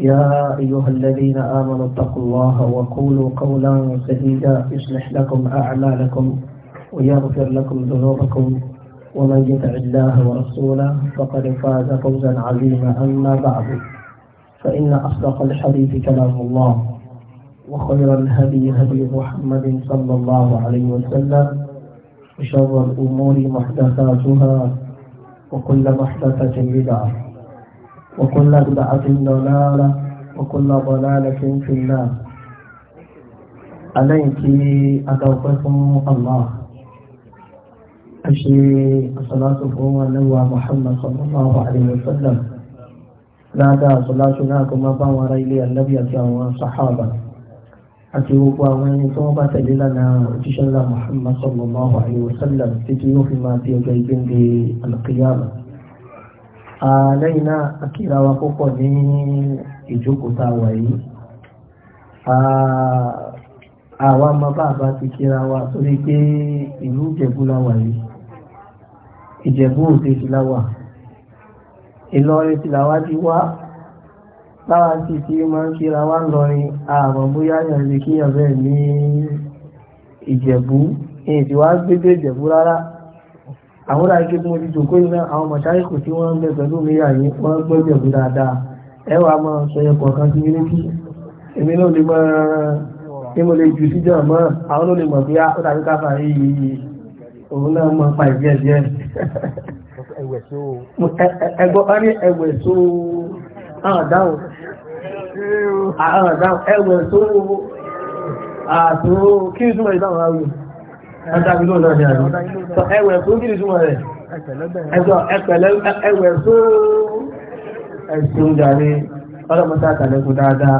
يا أيها الذين آمنوا اتقوا الله وقولوا قولا سديدا يصلح لكم أعمالكم ويغفر لكم ذنوبكم ومن يطع الله ورسوله فقد فاز فوزا عظيما أما بعد فإن أصدق الحديث كلام الله وخير الهدي هدي محمد صلى الله عليه وسلم وشر الأمور محدثاتها وكل محدثة بدعة وكل بدعة ضلالة وكل ضلالة في النار عليك أدوككم الله أشي صلاته ونوى محمد صلى الله عليه وسلم لا دا صلاتنا كما باور النبي والصحابة صحابة gbogbo àwọn ẹni tó wọ́n bá tẹ̀lé lánàá òjíṣẹ́ ńlá Muhammad sallallahu alayhi wa sallam títí yóò lẹ́yìn náà akíra wa púpọ̀ ní ìjókòóta wà yìí àwa ọmọ bàbá ti kíra wa sórí pé ìlú ìjẹ̀bú láwà yìí ìjẹ̀bú òde ti láwà ìlọrin ti làwá ti wá láwa ti ti máa ń kíra wa lọrin àmọ́ bóyá yàn lè kíyàn bẹ́ẹ̀ ní ìjẹ̀bú èyí ti wá gbégbé ìjẹ̀bú rárá àwọn ará ike mo ti jòkó iná àwọn mọ̀ṣáríkù tí wọ́n ń bẹ pẹ̀lú mi yà ní wọ́n ń gbọ́jọ̀ mi dáadáa ẹ wàá máa sọ yẹn kọ̀ọ̀kan sí mi létí èmi náà lè máa ní mo lè jù síjọ́ mọ́ àwọn ló lè mọ̀ bí ah, ó dàbí káfà yìí òun náà mọ̀ pa ìdíẹ̀ díẹ̀. ẹgbọ́n wọn ní ẹwẹ̀ tó àwọn dáhùn àwọn dáhùn ẹwẹ̀ tó àtò ẹ̀dàbílò náà ni àrí ẹwẹ̀ tó gírí súnmọ̀ rẹ̀ ẹwẹ̀ tó ẹ̀sùn jàre ọlọ́mọta àtàlẹ́kù dáadáa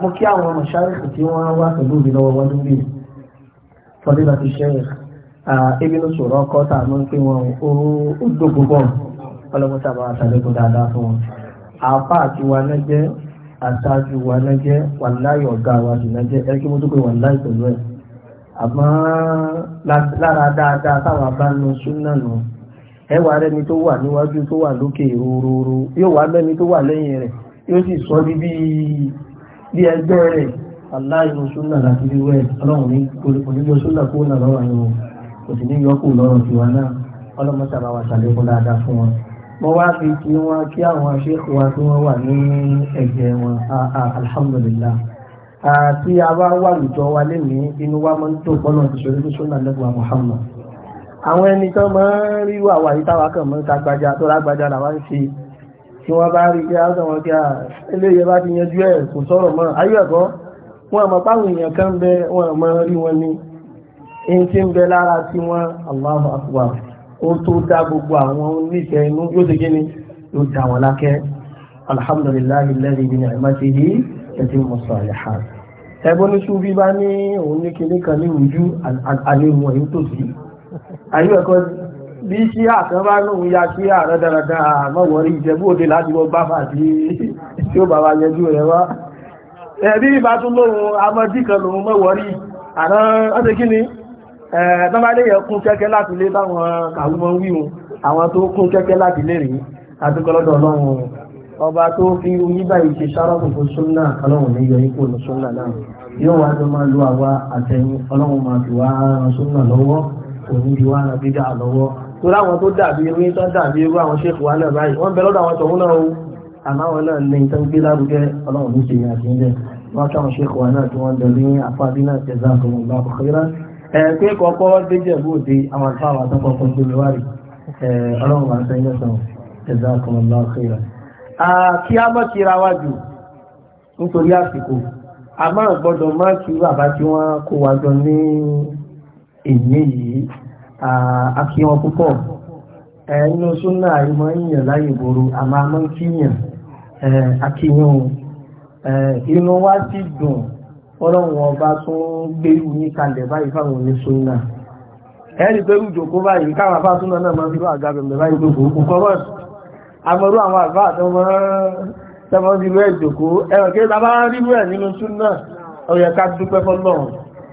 mo kí àwọn ọmọ ṣáríkì tí wọ́n wá pẹ̀lú mi lọ́wọ́ wọ́n lórí fọdílà ti ṣe ebínú sọ̀rọ̀ ọkọ̀ tá a mọ́ pé wọn ó dógún bọ̀ ọlọ́mọta àbá àtàlẹ́kù dáadáa fún wọn àáfà àti wa náà jẹ́ àṣáájú wa náà jẹ́ wàláyọ̀ ọ̀gá wa sì náà jẹ́ ẹgbẹ́ mọ́tò pé wàláyọ̀ pẹ̀lú ẹ̀ àmọ́ lára dáadáa táwọn abánú súnà nù ẹwà rẹni tó wà níwájú tó wà lókè rúrúrú yóò wá lẹ́ni tó wà lẹ́yìn rẹ̀ yóò sì sọ ní bí ẹgbẹ́ rẹ̀ aláìní súnà láti rí wẹ́ ọlọ́run ní oníjọ súnà kó nà lọ́wọ́ àyẹ̀wò kò sì ní yọkù lọ́rọ̀ àti àwa wà lùjọ wa lénìí inú wa máa ń tó gbọ́nà ti ṣòro sọ́nà lẹ́gbàá Muhammad àwọn ẹni tó máa ń rí wà wà yìí táwa kàn mọ́ ta gbajà tó lágbájá làwa ń ṣe tí wọ́n bá rí pé àwọn ọmọ gíga eléyẹ bá ti yanjú ẹ̀ kò sọ̀rọ̀ mọ́ ayé ẹ̀kọ́ wọn àmọ́ páwọn èèyàn kan bẹ wọn àmọ́ rí wọn ni ẹni tí ń bẹ lára sí wọn Allahu Akbar ó tó dá gbogbo àwọn oníṣẹ́ inú yóò ṣe kíni yóò dá wọn lákẹ́ alhamdulillahi alladhi bi ni'matihi tatimmu salihat ẹgbọ́n ní ṣubí bá ní òun ní kinní kan ní ìrújú àlewọ̀ èyí tó sí ayé ẹ̀kọ́ bí sí àtàn bá lóun ya sí ààrẹ dáradára mọ̀wọ́rí ìjẹ̀bú òde láti wọ́n bá fà sí tí ó bàbá yanjú rẹ̀ wá ẹ̀bí bá tún lóhun amọ́dí kan lòun mọ̀wọ́rí àrán ọ́sẹ̀ kí ni ẹ̀ẹ́dọ́mọdé yẹn kún kẹ́kẹ́ láti lé táwọn kàwúmọ́ wíhun àwọn tó kún kẹ́kẹ́ láti lé rèé àdúgbọ́lọ́dọ̀ ọlọ́run ọba tó fi oníbàyí ṣe sára fòfin súnnà ọlọ́run ní yọ ipò ní súnnà náà yóò wá jọ máa lo àwa àtẹ̀yìn ọlọ́run máa fi wá ara súnà lọ́wọ́ òní fi wá ara bídà lọ́wọ́ torí àwọn tó dàbí irú tó dàbí irú àwọn ṣéèkù wa náà báyìí wọ́n bẹ lọ́dọ̀ àwọn tọ̀hún náà o àmọ́ àwọn náà ní tó ń gbé lárugẹ ọlọ́run ní ṣe yàn sílẹ̀ wọ́n kí àwọn ṣéèkù wa náà tí wọ́n dẹ̀lé àfáàbí náà ṣe zá àtọ̀hún ìgbà kọ̀kọ́rẹ́ ẹ̀ pé kọ́kọ́ déjẹ̀ bóde àwọn àfáà wa tó kọ́kọ́ gbé ọlọ́run máa ń sẹ́yìn sọ̀rọ̀ ẹ̀zá kọ̀ọ̀lá kí a mọ́ kíra wájú nítorí àsìkò a máa gbọ́dọ̀ máa kí bàbá tí wọ́n kó wa jọ ní èyí yìí àkí wọn púpọ̀ ẹnu súnà ìmọ̀ ìyàn láyé ìgboro àmọ́ a máa ń kíyàn àkíyàn inú wa ti dùn ọlọ́run ọba tún gbé ní kalẹ̀ báyìí fáwọn oníṣúnà ẹni pé ìjòkó báyìí káwọn afá súnà náà máa ń fi wà gábẹ̀mẹ̀ báyìí gbogbo kọ́rọ̀ àmọ́rú àwọn àbá àtọmọ́ tẹ́mọ́ sí rẹ̀ ìjòkó ẹ̀rùn kí tàbá rí rẹ̀ nínú súnà ó yẹ ká dúpẹ́ fọ́lọ́run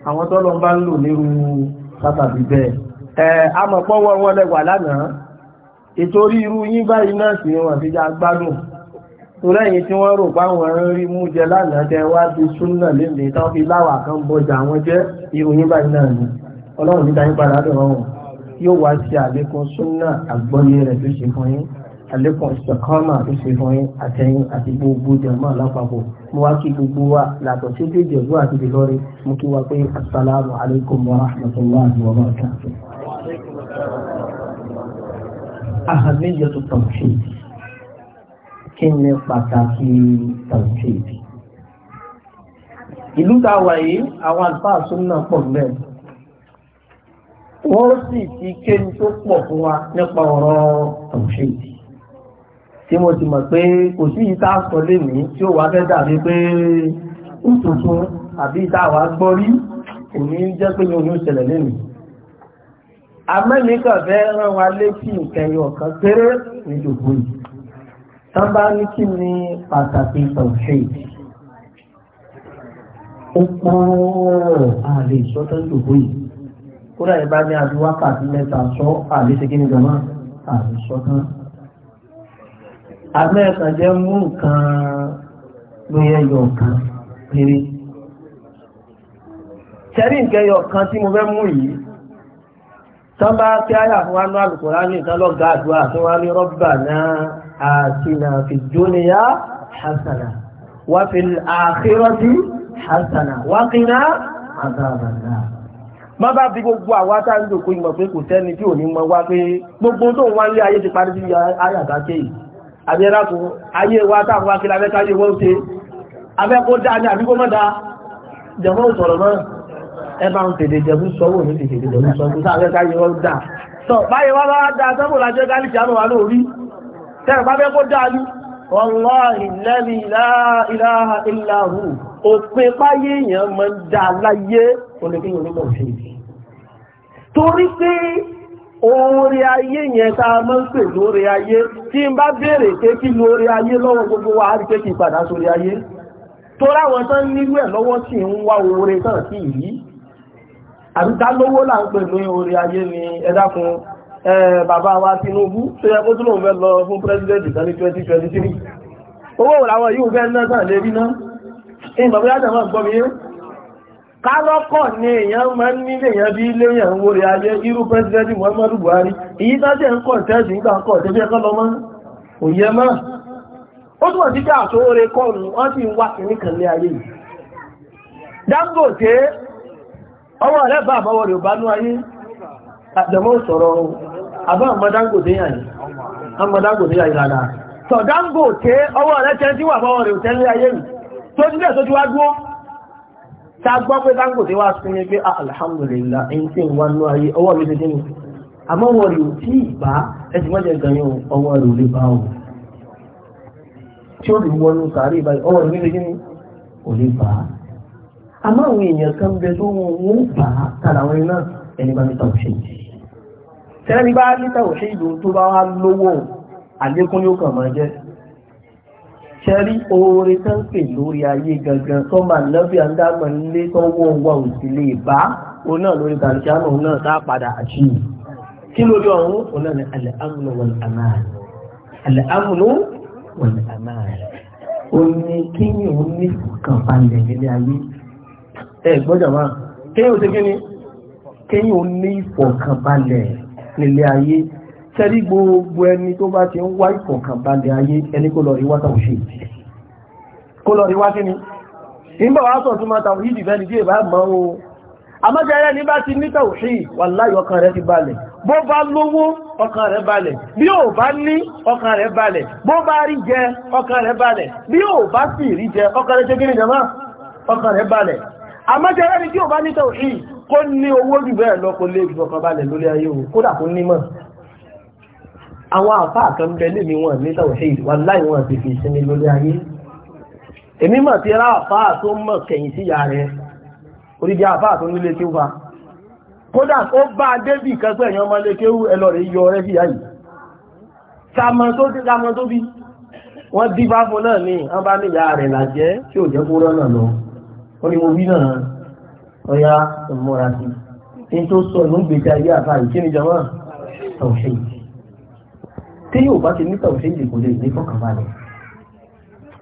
àwọn tọ́lọ bá ń lò nírú sábàbí bẹ́ẹ̀ ẹ̀ amọ̀pọ̀wọ́ wọn lẹ́wà lánàá ìtorí irú yín báyìí náà sì wọ́n ti já gbádùn tó lẹ́yìn tí wọ́n rò páwọn rí mú jẹ lánàá tẹ wá di súnà léde ni ọlọ́run níta yín padà dọ̀rọ̀ àlékún ìsọ̀kọ́mà tó ṣe fún yín àtẹ̀yìn àti gbogbo jẹ̀mọ́ lápapọ̀ mo wá kí gbogbo wa làtọ̀ sí pé jẹ̀bú àti ìlọrí mo kí wa pé asalaamu alaykum wa rahmatulahi wa barakatuh. ahamiyyatu tawhid kí ni pàtàkì tawhid. ìlú tá wà yìí àwọn àlùfáà súnmọ́ pọ̀ bẹ́ẹ̀ wọ́n sì ti kéwù pọ̀ fún wa nípa ọ̀rọ̀ tawhid tí mo ti mọ̀ pé kò sí ìta sọ lè mí tí ó wá fẹ́ dàbí pé ó tuntun àbí ìta wá gbọ́ rí kò ní jẹ́ pé ní oyún ṣẹlẹ̀ lè mí amẹ́nìkan fẹ́ rán wa létí ìkẹyọ kan péré níjòkó yìí tán bá ní kí ni pàtàkì tọ̀ṣẹ́ ó pọ̀ àlè ìṣọ́tọ́ níjòkó yìí kódà ìbá ní àbí mẹ́ta sọ àlè ṣe kí ni jọmọ́ àlè ìṣọ́tọ́ amẹ́ẹ̀kan jẹ́ mú nǹkan lóyẹ yọ̀ọ̀kan péré tẹ́rí nǹkan yọ̀ọ̀kan tí mo fẹ́ mú yìí tán bá kí áyà fún wa ní alùkùnrin ní ìtàn lọ́gà àdúrà tí wọ́n ní rọ́bà náà àtìnà fi dúníyà hasana wà fi àkírọ́tì hasana wà kìnà àtàbàdà má bá bí gbogbo àwa tá ìmọ̀ pé kò sẹ́ni tí ò ní mọ wá pé gbogbo tó ń wá ní ayé ti parí sí ayàgáké yìí àbí ẹ̀dàkùn ayé wa táàkùn akílá mẹ́ta yíò wọ́n ṣe abẹ́kọ́ dáa ní àbíkọ́ mọ́dá jẹmọ́ ìsọ̀rọ̀ mọ́ ẹbá ń tèdè jẹmú sọ́wọ́ ní tèdè jẹmú sọ́wọ́ sáà mẹ́ta yíò wọ́n dáa tọ́ báyé wá bá dáa sọ́wọ́ lájẹ́ gáàlìkì àmọ́ wà lórí tẹ́rẹ̀ bá bẹ́kọ́ dáa ní wallahi lẹ́ni ilaha illahu òpin páyé èèyàn mọ́ dáa láyé olùkíyàn onímọ̀ òṣèlú torí pé oore ayé yẹn tá a máa ń pè lóore ayé tí n bá béèrè pé kí lóore ayé lọ́wọ́ gbogbo wa á rí pé kí padà sórí ayé tó ráwọn tán nílú ẹ̀ lọ́wọ́ sì ń wá oore tán sí yìí àti dálówó là ń pè ní oore ayé ni ẹ dákun bàbá wa Tinubu tó yẹ kó tó lóun fẹ́ lọ fún pírẹsidẹ́ǹtì kan ní twenty twenty three owó làwọn yìí fẹ́ ná tàn lérí ná ìgbàgbé kálọ́kọ̀ ni èèyàn máa ń nílé èèyàn bí ilé èèyàn ń Muhammadu Buhari èyí tásẹ̀ ń kọ̀ tẹ́sì ń gbà ń kọ̀ tẹ́bí ó túnmọ̀ sí pé wọ́n sì ń wá kìíní kan lé Dangote ọwọ́ bá bá ayé Dangote yàn yàn rárá sọ ọwọ́ tẹ́ tá a gbọ́ pé Dangote wá sí ni pé ah, alhamdulillah ẹni tí ń wá nú ayé ọwọ́ mi ti dín mi àmọ́ wọn rí tí ìbá ẹ̀sìn mọ́jẹ̀ gan yóò ọwọ́ rẹ̀ ò lè bá wọn tí ó lè wọnú sàárè báyìí ọwọ́ rẹ̀ nílé kíní ò lè bá àmọ́ àwọn èèyàn kan bẹ tó wọn wọn bá tàrà wọn náà ẹni bá níta òṣèlú tẹ́lẹ̀ ní bá níta òṣèlú tó bá wá lówó àlékún yóò kàn máa jẹ́ ṣẹ́rí oore tó ń pè lórí ayé gangan tó máa lọ́bí àndámọ̀ nílé tó wọ́n wà ò sì lè bá òun náà lórí kàlùkánù náà tá padà àjí kí lórí ọ̀run òun náà ni al-amnu wal-aman al-amnu wal-aman ó ní kíyìn òun ní kànbalẹ̀ nílé ayé ẹ gbọ́dọ̀ máa kíyìn òun ti kí ni kíyìn òun ní ìfọ̀kànbalẹ̀ nílé ayé tẹ́rí gbogbo ẹni tó bá ti ń wá ìfọ̀kànbalẹ̀ ayé ẹni kó lọ rí wá tawhid kó lọ rí wá ni ìgbà wá sọ̀ tún máa tawhid ìfẹ́ni tí èbá mọ́ o àmọ́jẹ́rẹ́ ní bá ti ní tawhid wallahi ọkàn rẹ̀ ti balẹ̀ bó bá lówó ọkàn rẹ̀ balẹ̀ bí ò bá ní ọkàn rẹ̀ balẹ̀ bó bá rí jẹ ọkàn rẹ̀ àwọn àfá àkàn bẹ lè mi wọn ní tawhid wallahi wọn ti fi sinmi lórí ayé èmi mọ̀ ti rá àfá tó mọ̀ kẹ̀yìn sí ìyá rẹ̀ orídìí àfá tó nílé tí ó fa kódà ó bá débì kẹgbẹ́ èèyàn ọmọ lé kéwú ẹlọ rẹ̀ yọ rẹ̀ sí ayé sàmọ̀ tó ti sàmọ̀ tó bí wọ́n dí bá ní tó sọ ìmúgbèjà ilé àfáà ìkíni jọmọ́ tawhid tí yóò bá ti ní tàwíṣẹ́jì kò lè ní fọ́kànbalẹ̀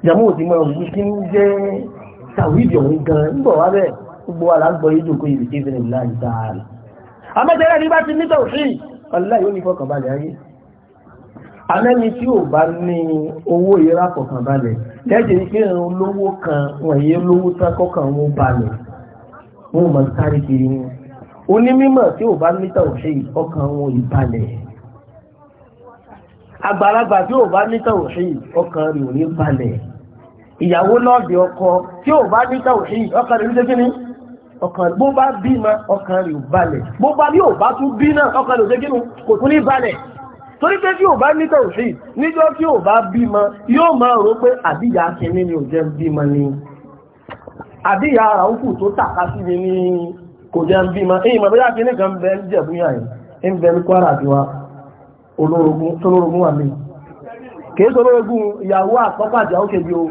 ìjàmú ò ti mọ òun kí ń jẹ́ tàwídì ọ̀hún gan nígbà wá bẹ́ẹ̀ gbogbo alágbọ̀ yìí jòkó ìrì tí ìfẹ́lẹ̀ láì dáàlì amẹ́tẹ́rẹ́ ní bá ti ní tàwíṣẹ́jì ọ̀lá yóò ní fọ́kànbalẹ̀ ayé amẹ́ni tí ò bá ní owó ìrà fọ́kànbalẹ̀ lẹ́jẹ̀ ike ìrìn olówó kan wọ̀nyí olówó sákọ́kàn wọn balẹ̀ wọn mọ̀ sáré kiri onímọ̀ tí ò bá ní tàwíṣẹ́jì ọkàn wọn ìbalẹ̀ àgbàlagbà tí ò bá ní tawhid ọkàn rẹ̀ ò ní balẹ̀ ìyàwó lọ́ọ̀dì ọkọ tí ò bá ní tawhid ọkàn rẹ̀ ní ṣe kíni ọkàn bó bá bí ma ọkàn rẹ̀ ò balẹ̀ bó bá bí ò bá tún bí náà ọkàn rẹ̀ ò ṣe kíni kò tún ní balẹ̀ torí pé tí ò bá ní tawhid níjọ́ tí ò bá bí ma yóò máa rò pé àbíyá kìíní ni ò jẹ́ bí ma ni àbíyá ara òkú tó tàka sí mi ní kò jẹ́ bí ma èyí mà bóyá kìíní kan bẹ́ẹ̀ jẹ̀bú yàn olórogún tólórogún wà lẹ́yìn kìí sọ olórogún ìyàwó àkọ́kọ́ o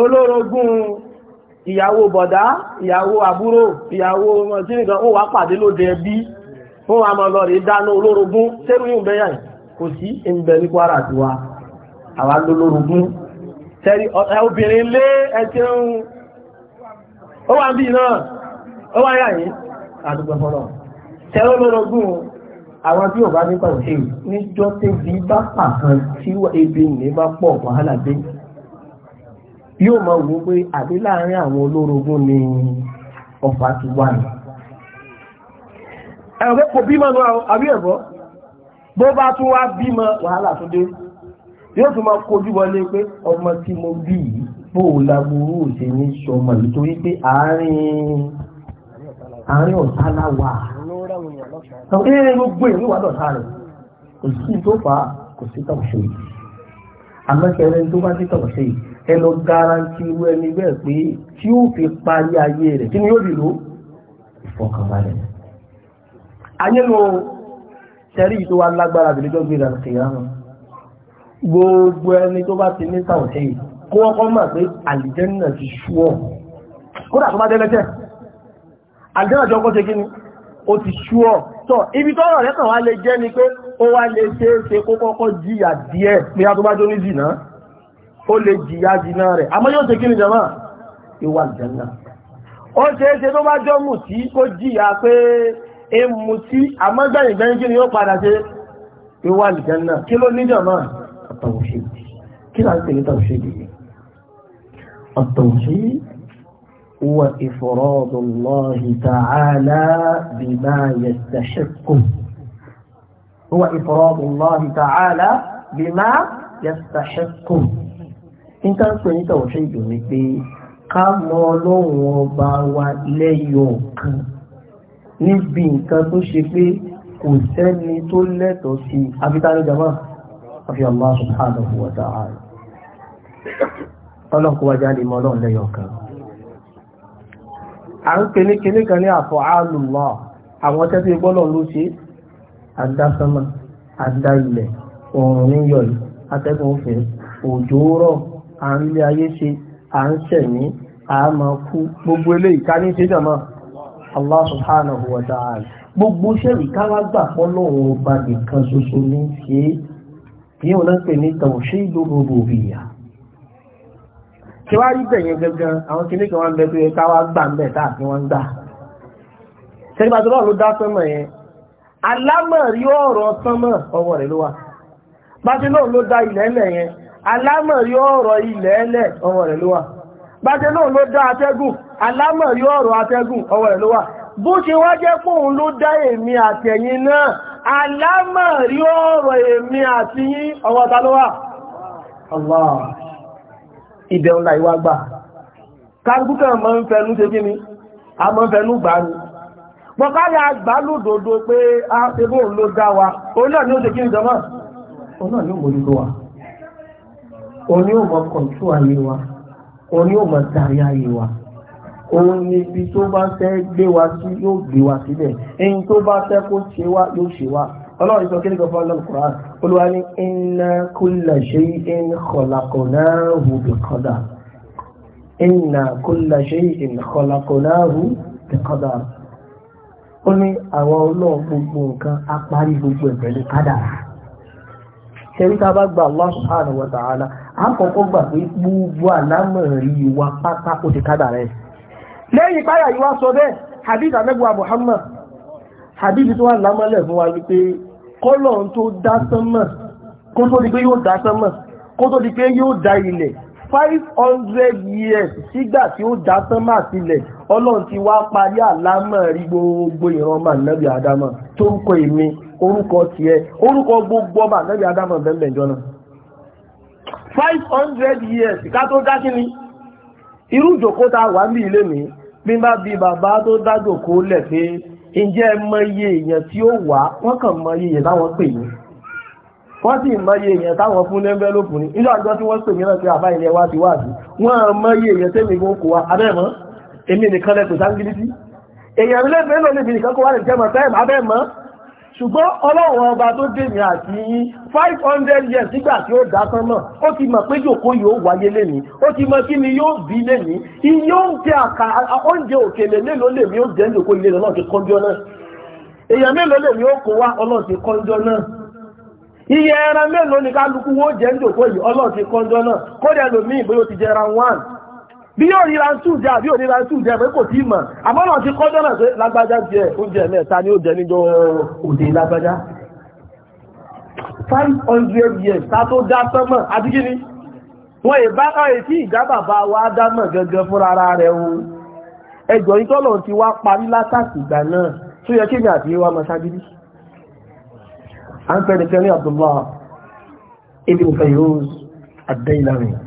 olórogún ìyàwó bọ̀dá ìyàwó àbúrò ìyàwó tí nìkan ó wà pàdé lóde ẹbí fún lọ rí dáná olórogún yìí Kwara lólórogún obìnrin lé ẹ̀kẹ́ ó wà bí náà ó wà yà yìí àdúgbò fọ́lọ̀ tẹ́rù àwọn tí ò bá ní pàṣẹ níjọ́ tẹ́bí bá pàkan tí ebi ní bá pọ̀ wàhálà dé yóò mọ̀ wò pé àbí láàrin àwọn olórogún ni ọ̀fà ti wà ní. ẹ̀rọ kò bímọ nù àbí ẹ̀bọ́ bó bá tún wá bímọ wàhálà tó dé yóò tún máa kojú wọlé pé ọmọ tí mo bí yìí bó o láburú òṣèlú sọmọ nítorí pé àárín ọ̀tá láwàá àwọn èèyàn gbogbo èèyàn wà lọ́ta rẹ̀ kò sí tó fà á kò sí tọ̀ ṣe àmọ́ ṣẹlẹ̀ tó bá sí tọ̀ ṣe ẹ lọ garanti irú ẹni bẹ́ẹ̀ pé tí ó fi parí ayé rẹ̀ kí ni yóò dìlò ìfọkànbalẹ̀ ayé lo ṣẹlẹ̀ yìí tó wá lágbára àbílẹ́jọ́ gbéra kìíyà hàn gbogbo ẹni tó bá ti ní tọ̀ ṣe kó ọkọ̀ mọ̀ pé àlìjẹ́ náà ti ṣú ọ̀ kódà tó bá dẹ́lẹ́tẹ̀ àlìjẹ́ náà jọ ọkọ̀ ṣe kí ni ó ti ṣúọ̀ tọ́ ibi tọ́rọ̀ rẹ̀ kàn wá lè jẹ́ ni pé ó wá lè ṣe é ṣe kó kọ́kọ́ jìyà díẹ̀ pé a tó bá jórí jìnà ó lè jìyà jìnà rẹ̀ àmọ́ yóò ṣe kí ni jọmọ́ ìwà ìjọba ó ṣe é ṣe tó bá jọ mù tí kó jìyà pé é mu tí àmọ́ gbẹ̀yìn gbẹ̀yìn kí ni yóò padà ṣe ìwà ìjọba kí ló ní هو إفراد الله تعالى بما يستحقه هو إفراد الله تعالى بما يستحقه إن كان سني توحيد مثلي ká mọ ọlọ́run ọba wa lẹ́yọ kan níbi nǹkan tó ṣe pé kò sẹ́ni tó lẹ́tọ̀ọ́ sí abítání jama àfi Allah subhanahu wa ta'ala ọlọ́kọ̀wájá lè mọ ọlọ́run lẹ́yọ kan à ń pè ní kinní kan ní àfọ̀ àlùmọ́ àwọn tẹ́ tí gbọ́dọ̀ ló ṣe àdásánmà àdá ilẹ̀ òòrùn níyọ̀ yìí atẹ́gùn òfin òjò rọ̀ à ń lé ayé ṣe à ń ṣẹ̀mí à máa kú gbogbo eléyìí ká ní ṣe jàmọ́ Allah subhanahu wa gbogbo ṣẹ́rì káwá fọ́lọ́run ọba nìkan ṣoṣo ní ṣe é kí òun náà pè ní tàwọn ṣe ìdúró tí wá rí bẹ̀yẹn àwọn kìíní kan bẹ gbà ń bẹ̀ wọ́n ń gbà ló dá yẹn ọwọ́ rẹ̀ ló wà ló dá ilẹ̀ ẹlẹ̀ yẹn ọ̀rọ̀ ilẹ̀ ẹlẹ̀ ọwọ́ rẹ̀ ló wà ló dá atẹ́gùn ọ̀rọ̀ atẹ́gùn ọwọ́ rẹ̀ ló wà bó ṣe wá jẹ́ èmi náà ibẹ̀ ńlá ìwà gbà kárùkúkà máa ń fẹnu ṣe kí ni a máa ń fẹnu gbà ni pọ̀káyà àgbà lódodo pé a ṣe bó ló dá wa òun náà ni ó ṣe kí ni jọmọ́ òun náà ni ó mójútó wa òun ni ó mọ kọ̀ǹtù ayé wa òun ni ó ọlọ́run sọ kíni kan fún ọlọ́run Qur'an olúwa ní inna kulla shay'in khalaqnahu bi qadar inna kulla shay'in khalaqnahu bi qadar ó ní àwọn ọlọ́run gbogbo nǹkan apárí gbogbo ẹ̀ pẹ̀lú kádàrá ṣẹ́rí tá a bá gba Allah subhanahu wa ta'ala àkọ́kọ́ gbà pé gbogbo àlámọ̀rí wa pátá ó ti kádàrá ẹ̀ lẹ́yìn páyà yìí wá sọ bẹ́ẹ̀ hadith anabuwa Muhammad hadith tó wà lámọ́lẹ̀ fún wa wípé kọ́lọ̀ tó dá sánmà kó tó di pé yóò dá sánmà kó tó di pé yóò dá ilẹ̀ five hundred years sígbà tí ó dá sánmà sílẹ̀ ọlọ́run ti wá parí àlámọ̀ rí gbogbo ìran ọmọ ànábì àdámà tó ń kọ èmi orúkọ tiẹ̀ orúkọ gbogbo ọmọ ànábì àdámà bẹ́ẹ̀ bẹ́ẹ̀ jọ five hundred years ká tó dá kí ni irú ìjòkó ta wà ní ilé mi bí bá bí bàbá tó dájòkó lẹ̀ pé ǹjẹ́ mọ iye èèyàn tí ó wà wọ́n kàn mọ iye èèyàn táwọn pè ní wọ́n sì mọ iye èèyàn táwọn fún lẹ́ńbẹ́lópù ní nígbà àjọ tí wọ́n pè mí náà pé àbá ilẹ̀ wa ti wà sí wọ́n mọ iye èèyàn tẹ́mi kó kó wa abẹ́mọ́ èmi nìkan lẹ́pẹ̀ sáńgílítì èèyàn lẹ́fẹ̀ẹ́ lọ́lẹ́bì nìkan kó wà lè jẹ́mọ̀ tẹ́mọ̀ abẹ́mọ́ ṣùgbọ́n ọlọ́run ọba tó dèmi àti yín five hundred years nígbà tí ó dá sánmọ̀ ó ti mọ̀ pé o yóò wáyé lénìí ó ti mọ̀ kí ni yóò bí lénìí iye oúnjẹ àkà oúnjẹ òkèlè mélòó lèmi ó jẹ́ jòkó ilé lọ́nà ti kọ́njọ́ náà èèyàn mélòó lèmi ó kó wá ọlọ́run ti kọ́njọ́ náà iye ẹran mélòó ni kálukú jẹ́ yìí ọlọ́run ti kọ́njọ́ náà bí yóò rí ránṣú jẹ àbí òní ránṣú jẹ pé kò tí mọ̀ àmọ́ náà ti kọjọ́ náà pé lágbájá jẹ oúnjẹ mẹ́ta ni ó jẹ níjọ òde lágbájá 500 years ta tó dá sánmọ̀ adígíní wọ́n ìbá ọ̀rẹ́ tí ìjábàbá wa dámọ̀ gẹ́gẹ́ fún ara rẹ̀ o ẹjọ́ ìtọ́lọ̀ ti wá parí látàkì ìgbà náà tó yẹ kéèmì àti ìwà mọ́ságídí a ń pẹ́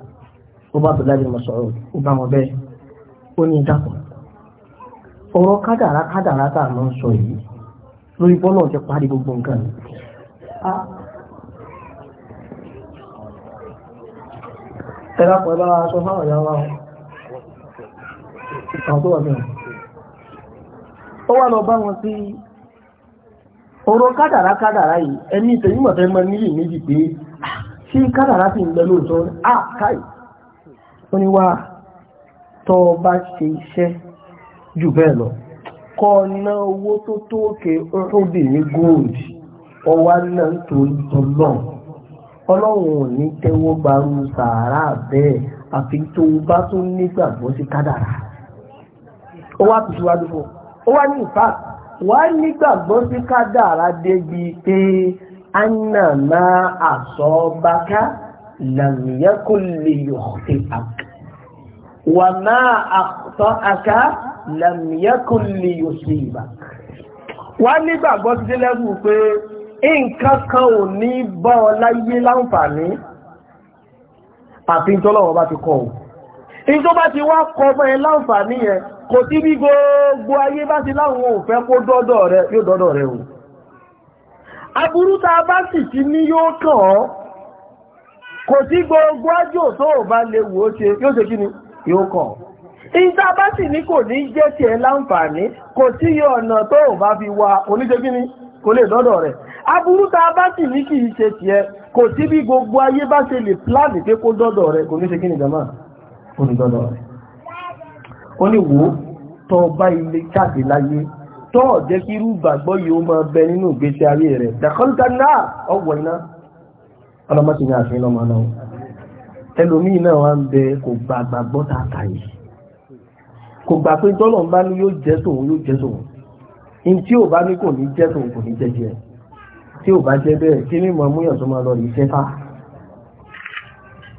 ó bá Abdullahi bin Mas'ud ó bá wọn bẹ́ẹ̀ ó ní ìdákùn ọ̀rọ̀ kádàrá kádàrá tá a máa ń sọ yìí lórí bọ́ọ̀lù ti parí gbogbo nǹkan ni. ẹ dákun ẹ bá aṣọ fáwọn ìyá wa ìtàn tó wà bẹ́ẹ̀. ó wà lọ bá wọn sí ọ̀rọ̀ kádàrá kádàrá yìí ẹni ìtẹ̀yìnmọ̀ fẹ́ máa nílì méjì pé ah, ṣé kádàrá sì ń bẹ lóòótọ́ à káyìí. ó ní wá tọ́ ọ bá ṣe iṣẹ́ jù bẹ́ẹ̀ lọ kọ́ ná owó tó tó òkè rúbì ní gold ọwá náà ń torí ọlọ́run ọlọ́run ò ní tẹ́wọ́ gbarú sàárà bẹ́ẹ̀ àfi tó bá tó nígbàgbọ́ sí kádàrà ó wá tùtù wá dúró ó wá ní ìfà wá nígbàgbọ́ sí kádàrà débi pé anna máa àsọ báká لم يكن ليخطئك وما أخطأك لم يكن ليصيبك wọ́n nígbàgbọ́ sí lẹ́bù pé nǹkan kan ò ní bá ọ láyé láǹfààní àti ìtọ́lọ́wọ́ bá ti kọ́ ò ìjọ bá ti wá kọ ọmọ ẹ láǹfààní yẹn kò sí bí gbogbo ayé bá ti láwọn òfẹ́ kó dọ́dọ̀ rẹ yóò dọ́dọ̀ rẹ o aburú tá a bá ti ní yóò kàn ọ́ kò sí gbogbo ájò tó ò bá lè wò ó ṣe yóò ṣe kí ni yóò kọ̀ ìta bá sì ní kò ní jẹ́ tiẹ̀ láǹfààní kò sí iye ọ̀nà tó ò bá fi wa oníṣe kí ni kò lè dọ́dọ̀ rẹ̀ aburú tá a bá sì ní kì í ṣe tiẹ̀ kò sí bí gbogbo ayé bá ṣe lè pláàni pé kó dọ́dọ̀ rẹ̀ kò ní ṣe kí ni jama kò ní dọ́dọ̀ rẹ̀ ó ní wò tọ́ bá ilé jáde láyé tọ́ jẹ́ kí irú gbàgbọ́ yìí ó máa bẹ nínú ìgbésí ayé rẹ̀ dàkọ́ńtà náà ọ̀wọ̀ ọlọ́mọ́tì ní àfihàn ọmọ náà ẹlòmíì náà wá ń bẹ kò gba àgbàgbọ́ tá yìí kò gbà pé tọ́lọ̀ ń bá ní yóò jẹ́ tòun yóò jẹ́ tòun in tí ò bá ní kò ní jẹ́ tòun kò ní jẹ́ jẹ́ tí ò bá jẹ́ bẹ́ẹ̀ kí ní mọ̀ múyàn tó máa lọ rí iṣẹ́ fà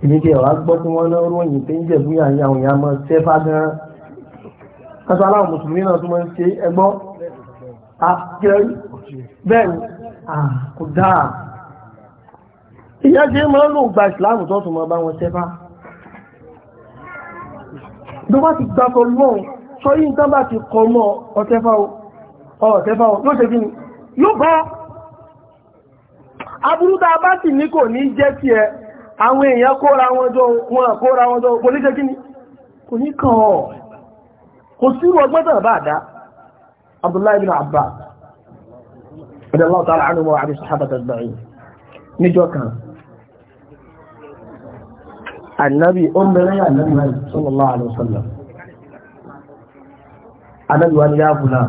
ìdíje ọ̀wá gbọ́ tí wọ́n náà ròyìn pé ń jẹ̀bú yàn yàn yàn mọ́ iṣẹ́ fà gan-an kásán aláwọ̀ mùsùlùmí náà tó máa ń ṣe ẹgbọ́ bẹ́ẹ̀ ni kò dáa ìyá ṣe máa lò gba ìsìláàmù tó tún máa bá wọn sẹ́fà bí ti gbà kọ lọ́n sọ yí nǹkan bá ti kọ mọ́ ọ̀tẹ́fà ọ̀tẹ́fà yóò ṣe kíni yóò bá aburú tá a bá sì ní kò ní jẹ́ ti ẹ àwọn èèyàn kóra wọn jọ wọn kóra wọn jọ kò ní kò ní kàn ọ́ kò sí ọgbọ́n ta'ala anhu wa kan ànábì ó ń bẹ̀rẹ̀ yà ànábì báyìí sallallahu alaihi wasallam ànábì wa ní yáàbùlà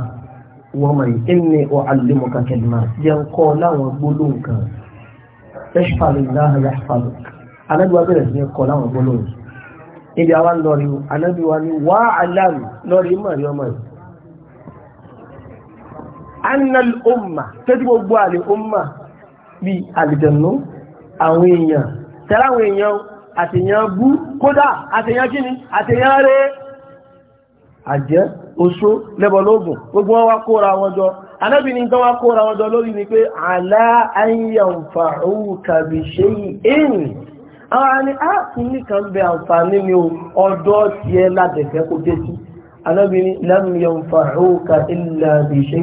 wọ́n mọ̀ yìí ẹni ọ àlùmọ̀ kàkẹ́lì máa jẹ́ ń kọ́ láwọn gbólóhùn kan ẹ̀ṣfàlù ìdáhà yàfàlù ànábì wa bẹ̀rẹ̀ sí ní kọ́ láwọn gbólóhùn níbi àwọn lọ́rí ànábì wa ní wà aláàmì lọ́rí mọ̀ rí ọmọ yìí annal umma tẹ́tí gbogbo àlè umma bíi àlìjẹ̀nú àwọn èèyàn tẹ́lá àtèyàn bú kódà àtèyàn kíni àtèyàn rẹ̀ àjẹ́ oṣó lẹ́bọ̀lógún gbogbo wọn wá kóra wọn jọ anábì ní tán wá kóra wọn jọ lórí ni pé àlá ayyanfa òwúkà bí ṣe ìrìn àwọn àni áàkùn nìkan bẹ àǹfààní ni ọdọ́ tiẹ̀ ládẹ̀fẹ́ kó dé sí anábì ní lam yanfa'uka illa bí ṣe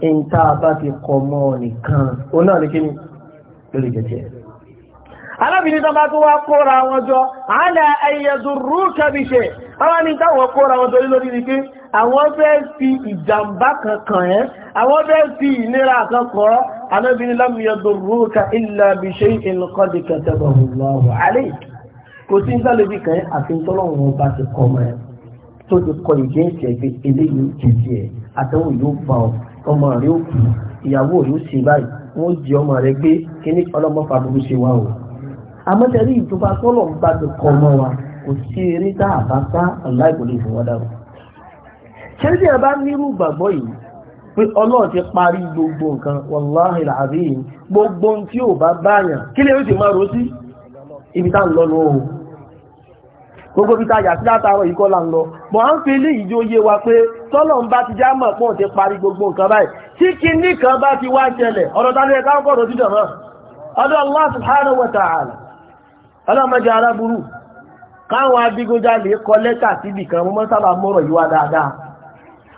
ìta bá ti kọ mọ́ nìkan o náà ní kíni lórí jẹjẹ alábìnrin tó bá tó wá kóra wọn jọ àálẹ́ ẹ̀yẹ̀dùrú kẹbíṣẹ́ àwọn ní táwọn kóra wọn jọ lórí ní pé àwọn fẹ́ fi ìjàmbá kankan ẹ́ àwọn fẹ́ fi ìnira kankan alábìnrin lámìyẹ̀dùrú ka ilẹ̀ bíṣẹ́ ìlúkọ́dì kẹtẹ́bọ̀ọ̀lọ́wọ̀ ọmọ rẹ̀ ó kú ìyàwó rẹ̀ ó sì báyìí wọ́n jí ọmọ rẹ̀ gbé kíní ọlọ́mọ fàbùkù ṣe wá o àmọ́tẹ́rí ìjọba tọ́lọ̀ ń bá ti kọ́ ọmọ wa kò sí eré tá a bá sá aláìkò lè fún wọn dárò ṣẹ́rí àbá nírú ìgbàgbọ́ yìí pé ọlọ́run ti parí gbogbo nǹkan wàláhì làbí gbogbo tí ò bá báyàn kí lè ó sì máa rò sí ibi tá ń lọ́nu ohun gbogbo bí ta yàtí látàárọ̀ yìí kọ́ ma ń lọ mọ̀ à ń fi ilé ìjó yé wa pé tọ́lọ̀ ń bá ti já mọ̀ pọ̀ ti parí gbogbo nǹkan báyìí tí kinní kan bá ti wá ṣẹlẹ̀ ọ̀rọ̀ ta ni ẹ̀ka ń kọ̀rọ̀ dídọ̀ mọ́ ọdún Allah subhanahu wa ta'ala ọlọ́mọdé aráburú káwọn adigunjalè kan sábà wá dáadáa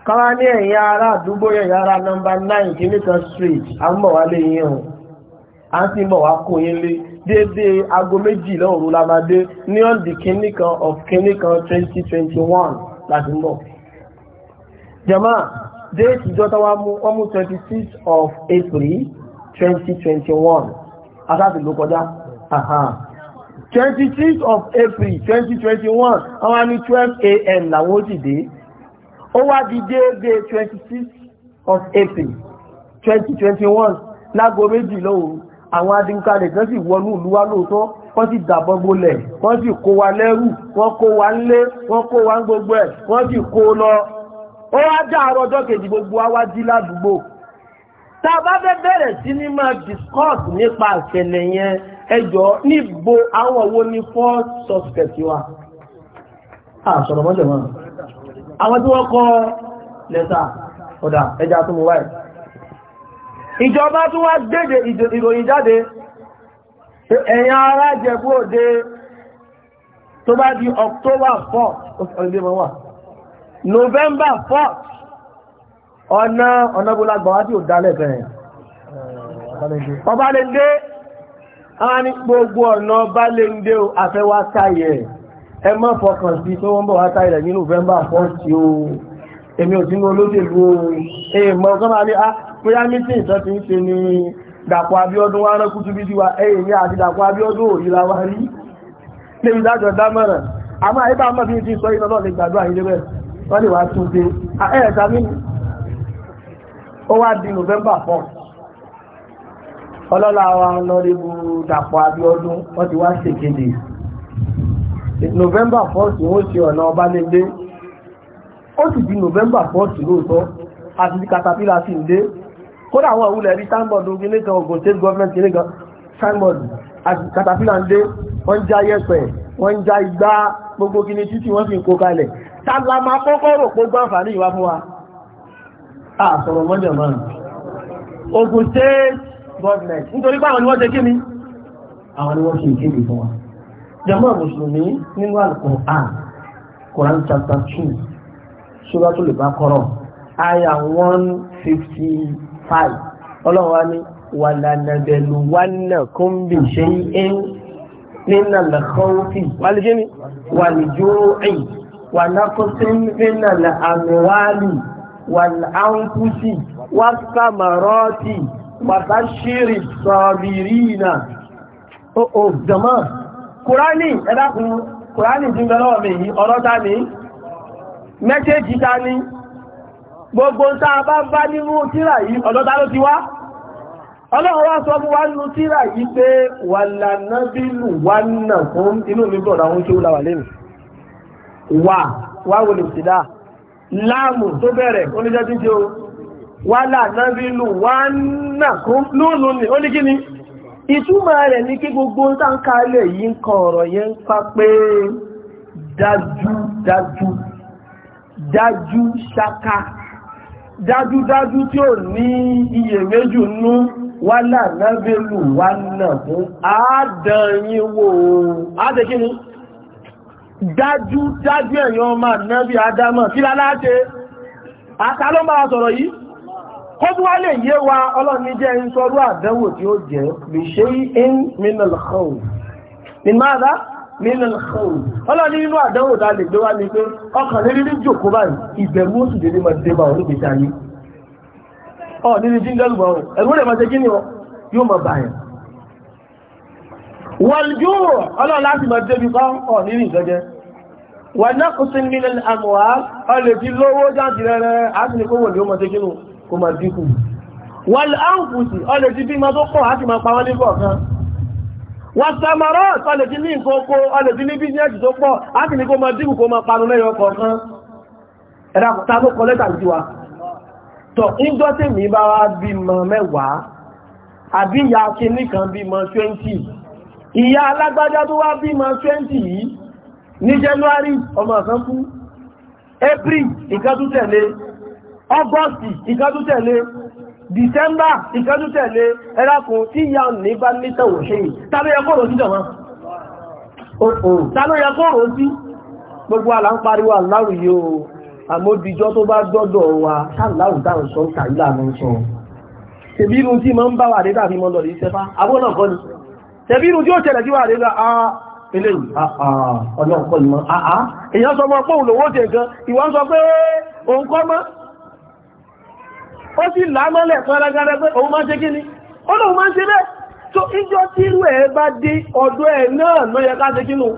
káwọn ní àdúgbò ẹ̀yìn nọmba 9 kan street àwọn mọ̀ wálé yìí a ti ń bọ̀ wá kó yín lé déédéé aago méjìlá òru la ní ọ̀dì kínní kan of kínní kan twenty twenty one láti ń jama déètì ìjọ wa wá mú wọ́n twenty six of April twenty twenty one asáàtì ló kọjá twenty six of April twenty twenty one àwọn á twelve a.m. làwọn ó sì dé ó wá di déédéé twenty six of April twenty twenty one láago méjìlá òru àwọn adínkalẹ̀ kan sì wọnú ìlú wa lóòótọ́ wọ́n sì dàbọ̀ gbolẹ̀ wọ́n sì kó wa lẹ́rù wọ́n kó wa ńlé wọ́n kó wa ń gbogbo ẹ̀ wọ́n sì kó lọ ó wá já àárọ̀ ọjọ́ kejì gbogbo wá jí ládùúgbò tá a bá fẹ́ bẹ̀rẹ̀ sí ní máa discuss nípa ìṣẹ̀lẹ̀ yẹn ẹjọ́ níbo àwọn wo ni first suspect wa àṣọ̀rọ̀ mọ́jọ̀ mọ́ àwọn tí wọ́n kọ lẹ́tà ọ̀dà ẹja tó mú wáyé ìjọba tún wá gbéde ìròyìn jáde ẹ̀yin ará Ìjẹ̀bú Òde tó bá di October 4 th mọ́ wà November 4 ọ̀nà ọ̀nàbọ̀lá gbọ̀wá tí ò dálẹ̀ bẹ̀rẹ̀ ọbalẹ̀ndé àwọn ní gbogbo ọ̀nà ọbalẹ̀ndé àfẹ́wá táyẹ̀ ẹ má fọkàn sí tó wọ́n bọ̀ wá ní November 4 th ó èmi ò sínú olóṣèlú èèmọ̀ kan máa ní á ah, bóyá mítìn ìtọ́ ti ń ṣe ni Dàpọ̀ Abíọ́dún wá rán kútú bídí wa ẹ̀yìn ní àti Dàpọ̀ Abíọ́dún òyìnlá wa rí lébi dájọ̀ dámọ̀ràn November 4 ọlọ́lá wọ́n ti ọ̀nà ọba lẹ́gbẹ́ ó sì di november fọ́ọ̀tì lóòótọ́ àti di katapila sí ń dé kódà àwọn òwúlẹ̀ rí signboard ogilé kan Ogun State government kìíní kan signboard àti katapila ń dé wọ́n ń já yẹ̀pẹ̀ wọ́n ń já igbá gbogbo kìíní títí wọ́n fi ń kó kalẹ̀ tálámà kọ́kọ́ rò pé gbàǹfààní ìwá fún wa àsọ̀rọ̀ mọ́jọ̀ mọ́ Ogun State government nítorí pé àwọn ni wọ́n ṣe kí ni àwọn ni wọ́n ṣe ìkéde fún wa jẹ́mọ́ mùsùlùmí nínú àlùkò àn Quran chapter two Suratul Baqarah àyà one fifty five ọlọ́run wa ní wàlànàbẹ̀lú wánà kọ́ńbì ṣe é nínà lẹ́kọ́ọ́fì wàlìjẹ́ni wàlìjọ́ọ̀ì wàlákọ́sẹ́ nínà lẹ́àmúwálì wàláńkúsì wàsàmàrọ́ọ̀tì wàtàṣírì sọ̀bìrìnà ó ó jọmọ́ kùránì ẹ̀dá kùránì ti ń bẹ lọ́wọ́ mi yìí ọ̀rọ̀ ta ni. mẹ́sẹ́jì ta ni gbogbo tá a bá ń bá nínú tíra yìí ọ̀dọ́ta ló ti wá ọlọ́run wá sọ fún wa nínú tíra yìí pé wà lànà bí lù nà fún inú mi bọ̀dọ̀ àwọn tí ó la wà lẹ́nu wà wá wọlé sídá láàmù tó bẹ̀rẹ̀ oníjẹ́ tí tí ó wà lànà bí lù nà fún lónìí ni ó ní kí ni ìtumọ̀ rẹ̀ ní kí gbogbo tá ń kalẹ̀ yìí ń kan ọ̀rọ̀ yẹn ń pa pé dájú dájú dájú ṣáká dájúdájú tí ò ní iye méjì nú wà lánàbẹ̀lù wà náà fún àádọ́yìnwó àádẹ́kíní dájúdájú ẹ̀yàn ọmọ ànábì adámọ̀ kí láláàtẹ́ àtàlọ́ máa sọ̀rọ̀ yìí kó bú wá lè yé wa ọlọ́ni jẹ́ ń sọrú àdánwò tí ó jẹ́ lè ṣe in minal nínú ọ̀hún ọlọ́ni nínú àdánwò tá a lè gbé wá ní pé ọkàn lórí ní jòkó báyìí ìbẹ̀rù ó sì dédé máa dé bá wọn níbi ìta yìí ọ nínú jíńdẹ́lù bá wọn ẹ̀rú rẹ̀ máa ṣe kíni ọ yóò máa bà yẹn wọ̀ljú ọlọ́run láti máa débi kan ọ̀ nínú ìjọjẹ́ wà náà kò sí nínú wọ́n sàmàrọ̀ ọ̀lẹ̀dí ní nǹkan oko ọlẹ̀dí ní bíjẹ́ẹ̀sì tó pọ̀ láti ní kó mọ dínkù kó mọ panu mẹ́yọ kọ̀ọ̀kan ẹ̀dà kò tábó kọ lẹ́tà sí wa tọ̀ níjọ́ tí mi bá wá bímọ mẹ́wàá àbí ìyá kínní kan bímọ 20 ìyá alágbájá tó wá bímọ 20 yìí ní January ọmọ kan kú April ìkan August ìkan December ìkẹ́jú tẹ̀lé ẹ̀rákùn tí ya ní bá nítẹ̀wò ṣe yìí tàbí ẹkọ́ rò sí jọmọ́ tàbí ẹkọ́ rò sí gbogbo àlà ń pariwo aláwù yóò àmódìjọ́ tó bá gbọ́dọ̀ wa sáàláwù dáhùn sọ kàílà ló ń sọ tẹ̀bírù tí ma ń bá wà dédà fi mọ́ lọ ìṣẹ́fá abúnà kọ́ ni tẹ̀bírù tí ó tẹ̀lẹ̀ tí wà dédà àà ilé ọ̀nà ọ̀kọ́ ni mọ́ àà èyàn sọ mọ́ pọ́ òun lòwó tẹ̀ nǹkan ìwọ́n sọ pé òun kọ́ mọ́ ó sì lámọ́lẹ̀ fọ́lágára pé òun máa ṣe kí ni ó lóun máa ṣe bẹ́ẹ̀ tó ìjọ tí irú ẹ̀ bá dé ọ̀dọ̀ ẹ̀ náà ló yẹ ká ṣe kí nù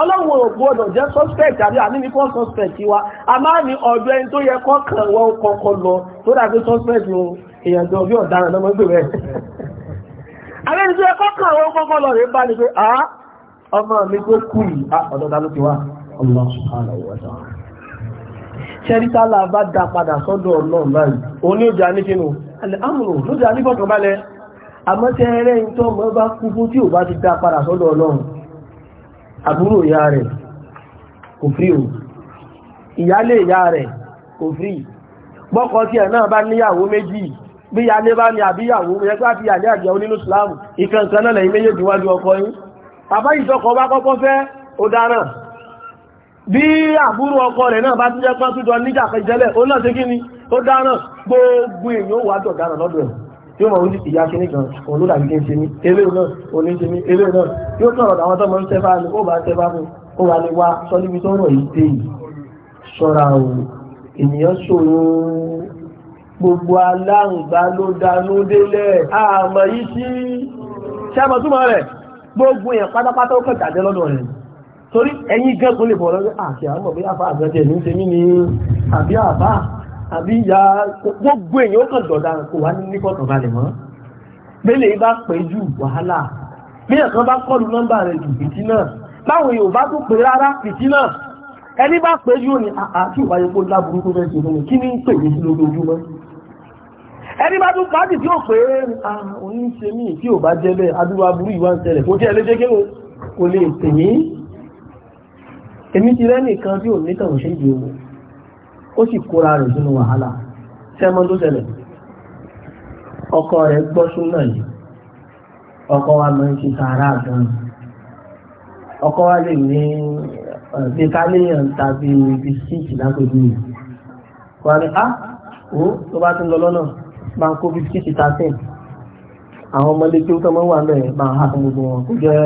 ọlọ́wọ̀n ògbọ́dọ̀ jẹ́ suspect àbí àníní fọ́ suspect wa a máa ní ọ̀dọ̀ ẹni tó yẹ kọ́kàn wọn kọ́kọ́ lọ tó dàbí suspect ní èèyàn jọ bí ọ̀daràn lọ́mọ gbé rẹ̀ àbẹ́ni tó yẹ kọ́kàn wọn kọ́kọ́ lọ rẹ̀ bá ní pé ah, ọmọ mi tó kú yìí ah, ọ̀dọ̀ dá ló ti wá Allah subhanahu wa ta'ala ṣẹ́rítàlá bá dá padà sọ́dọ̀ náà báyìí òun ní òjà ní kínú àmùrò ló jà nígbọ̀tàn balẹ̀ àmọ́ tẹ́ ẹrẹ́ ń tọ́ mọ́ bá kú fún tí ò bá ti dá padà sọ́dọ̀ náà àbúrò ìyá rẹ̀ kò frí o ìyálé ìyá rẹ̀ kò frí bọ́kọ tí ẹ̀ náà bá níyàwó méjì bí ìyálé bá bí àbúrò ọkọ rẹ̀ náà bá ti jẹ́ pọ́n túnjọ níjà pẹ̀jẹ́lẹ̀ ó náà ṣe kí ni ó dáná gbogbo èèyàn wà jọ dáná lọ́dọ̀ ẹ̀ yóò mọ̀ orí ìyá kíní kan òun ló dàbí kí n ṣe ní eré náà òní ṣe ní eré náà yóò sọ̀rọ̀ àwọn tó mọ̀ ń tẹ́fà ní ó bá tẹ́fà fún ó wà ní wá sọ níbi tó rọ̀ yìí dé yìí ṣọ́ra o ènìyàn ṣòro gbogbo aláǹgbá ló dánú délẹ̀ àmọ̀ yìí sí ṣé túmọ̀ rẹ̀ gbogbo èèyàn pátápátá ó kàn jáde lọ́dọ̀ rẹ̀ torí ẹ̀yin gẹ́gùn lè bọ̀rọ̀ ah, àti àwọn ọ̀bí àfá àgbẹ̀jẹ̀ ní ṣe mí ní àbí àbá àbí ìyá gbogbo èèyàn ó kàn dọ̀dà kò wá ní kọ̀tàn balẹ̀ mọ́ bẹ́lẹ̀ yìí bá pẹ́ jù wàhálà bí ẹ̀kan bá kọlu nọ́mbà rẹ̀ jù fìtí náà báwọn ẹni bá ah, ah, ni ń pè mí sí lójoojúmọ́ ẹni bá tún pàdé tí ó pè é oníṣẹ́ mi tí ò bá jẹ́ bẹ́ẹ̀ adúlọ́ aburú ìwà ń tẹ̀lẹ̀ kò tí ẹ lé jẹ́ kéwọn kò lè tèmí èmi ti rẹ́ nìkan tí ò ní tàwọn ṣe jù ú ó sì kóra rẹ̀ sínú wàhálà sẹ́mọ́ tó ṣẹlẹ̀ ọkọ rẹ̀ gbọ́ súnà yìí ọkọ wa máa ń ṣe sàárà gan ọkọ wa lè ní bí káléèyàn tàbí ibi síìtì lágbègbè yìí wà ní á ah, ó tó bá ti ń lọ lọ́nà máa ń kó bí síìtì tàtẹ́ àwọn ọmọdé tí ó tọ́ mọ́ wà máa ń há fún gbogbo wọn kó jẹ́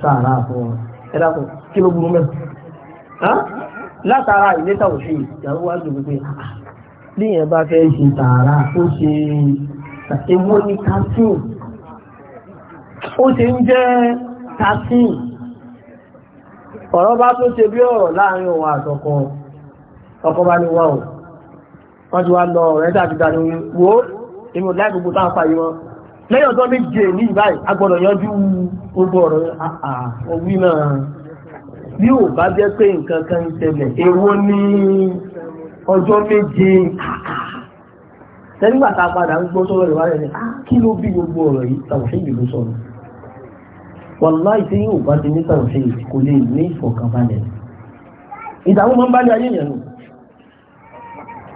sàárà fún wọn ẹ dákun kí ló burú mẹ́rin látara ìlétà òfin ìyàwó wá lò wípé fẹ́ ṣe tààrà ó ṣe èwo ni tatin ó ṣe ń jẹ́ tatin ọ̀rọ̀ bá tó ṣe bí ọ̀rọ̀ láàrin òun àtọkọ ọkọ bá ní wọ́n wọ́n ti wá lọ ọ̀rẹ́ tàbí tàbí wo èmi láì gbogbo táwọn fàyè wọn lẹ́yìn ọjọ́ méje ní ìbáyìí agbọ́dọ̀ yanjú gbogbo ọ̀rọ̀ àà ah, ah, òwú bí ò bá jẹ́ pé nǹkan kan ń ṣẹlẹ̀ èwo ní ọjọ́ méje tẹ́lifà tá a padà ń gbọ́ sọ́rọ̀ ìwádìí ni ah, kí ló bí gbogbo ọ̀rọ̀ yìí tàwọ̀ṣẹ́yì ló sọ̀rọ̀ wàláì tí yóò bá ti ní tàwọ̀ṣẹ́yì kò lè ní ìfọ̀kànbalẹ̀ ìdààmú máa ń bá ní ayé yẹn nù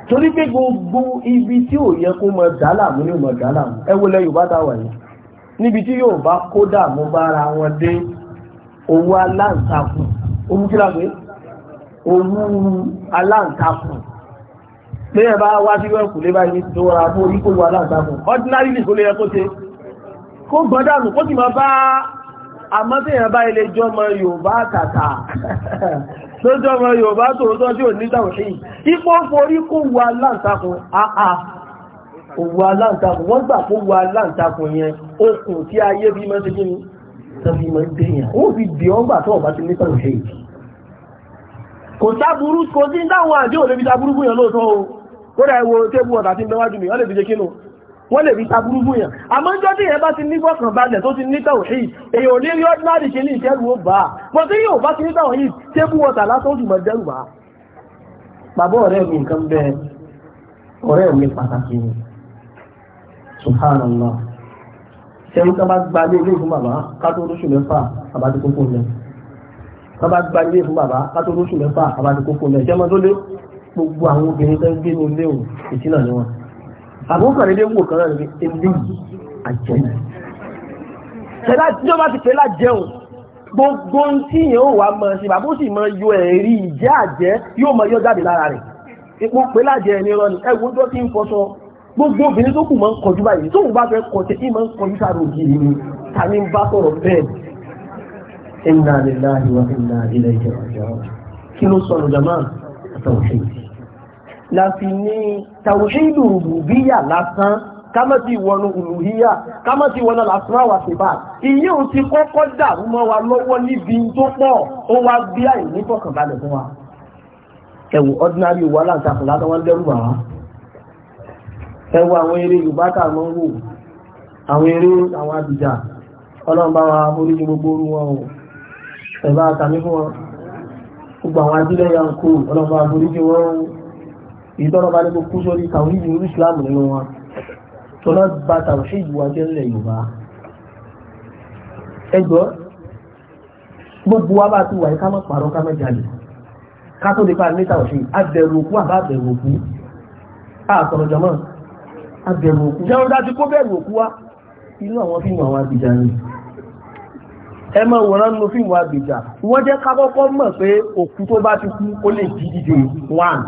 torí pé gbogbo ibi tí ò yẹ kó mọ dàálàmú ní mọ dàálàmú ẹ wo lẹ Yorùbá tá a wà yìí níbi tí yóò bá kó dààmú bára wọn dé owó aláǹtakùn òun kí lágbé òun aláǹtakùn pé ẹ̀bá wá sí wẹ́kù lé bá ilé tó ra fún oríkó wà aláǹtakùn ordinary lè kó lè ẹkó ṣe kó gbọ́dánù kó sì máa bá àmọ́tẹ̀yàn bá ilé jọmọ Yorùbá tàtà tó jọmọ Yorùbá tòótọ́ tí ò nítàwọ̀ sí ipò forí kó wà aláǹtakùn àà tó fi mọ̀ ń tẹ̀yàn ó fi dì ọ́ gbà tó ọ̀bá ti ní sọ̀rọ̀ ṣe ìdí kò sáburú kò sí dáhùn àjọ ò lè fi sáburú fún yàn lóòótọ́ o ó rẹ̀ wo tébù ọ̀tà tí ń bẹ́wájú mi wọ́n lè fi ṣe kínú wọ́n lè fi sáburú fún yàn àmọ́ jọ́ tí yẹn bá ti nígbọ̀kàn balẹ̀ tó ti ní sọ̀rọ̀ ṣe èyàn ò lè rí ordinary ṣe ní ìṣẹ́rù ó bá bọ́ tí yóò bá ti ní sọ̀rọ̀ yìí tébù ọ̀tà lásán òṣùmọ̀ dẹ́rù bá bàbá ọ̀rẹ́ mi nǹkan bẹ́ẹ̀ ọ̀rẹ́ mi pàtàkì ni subhanallah ṣẹ́yìn tó bá gba ilé ilé fún bàbá kátó lóṣù mẹ́fà àbáti kókó lẹ̀ tó bá gba ilé fún bàbá kátó lóṣù mẹ́fà àbáti kókó lẹ̀ ṣẹ́mọ́ tó lé gbogbo àwọn obìnrin tó ń gbé ní ilé òun ìtìnà ni wọn. àbúrò kan nílé wò kan náà ní ilé àjẹmọ́. ṣẹlá tí ó bá ti pé lájẹun gbogbo ń tí yẹn ó wà mọ ṣe bàbá ó sì mọ yọ ẹ̀rí ìjẹ́ àjẹ́ yóò mọ yọ jáde lára rẹ̀. ipò pé gbogbo obìnrin tó kù máa ń kọjú báyìí tóun bá fẹ́ kọjá ì máa ń kọjú sára ògiri ni ta ń bá sọ̀rọ̀ bẹ́ẹ̀ inna lillahi wa inna ilayhi raji'un kí ló sọ̀rọ̀ jama àtàwùṣe láti ní tàwùṣídù rùbíyà lásán kámọ́tì wọnú uluhiyya kámọ́tì wọnú lásán wà sí bá ìyẹ́ ò ti kọ́kọ́ dàrú mọ́ wa lọ́wọ́ níbi tó pọ̀ ó wá bí àìní fọkànbalẹ̀ fún wa ẹ̀wù ordinary wà láǹtakùn látọ̀ wọ́n dẹ́rù bà ẹ wo àwọn eré Yorùbá tà mọ́ wò àwọn eré àwọn àbìjà ọlọ́run bá wa oríṣi gbogbo orú wọn o ẹ̀bá àtàmí fún wọn gbogbo àwọn ajílẹ̀ ya ń kó ọlọ́run bá wa oríṣi wọn o bá ní kó sórí tàwọn ìlú Islam nínú wọn wa bá ti wà ká mọ́ pàrọ̀ ká mọ́ jalè ká tó lè pa níta òṣèlú abẹ̀rù òkú àbá abẹ̀rù òkú abẹ̀rù òkú jẹun dájú kó bẹ̀rù òkú wá inú àwọn fíìmù àwọn abìjà ni ẹ máa wòran nínú fíìmù abìjà wọ́n jẹ́ ká kọ́kọ́ mọ̀ pé òkú tó bá ti kú ó lè jí dìde one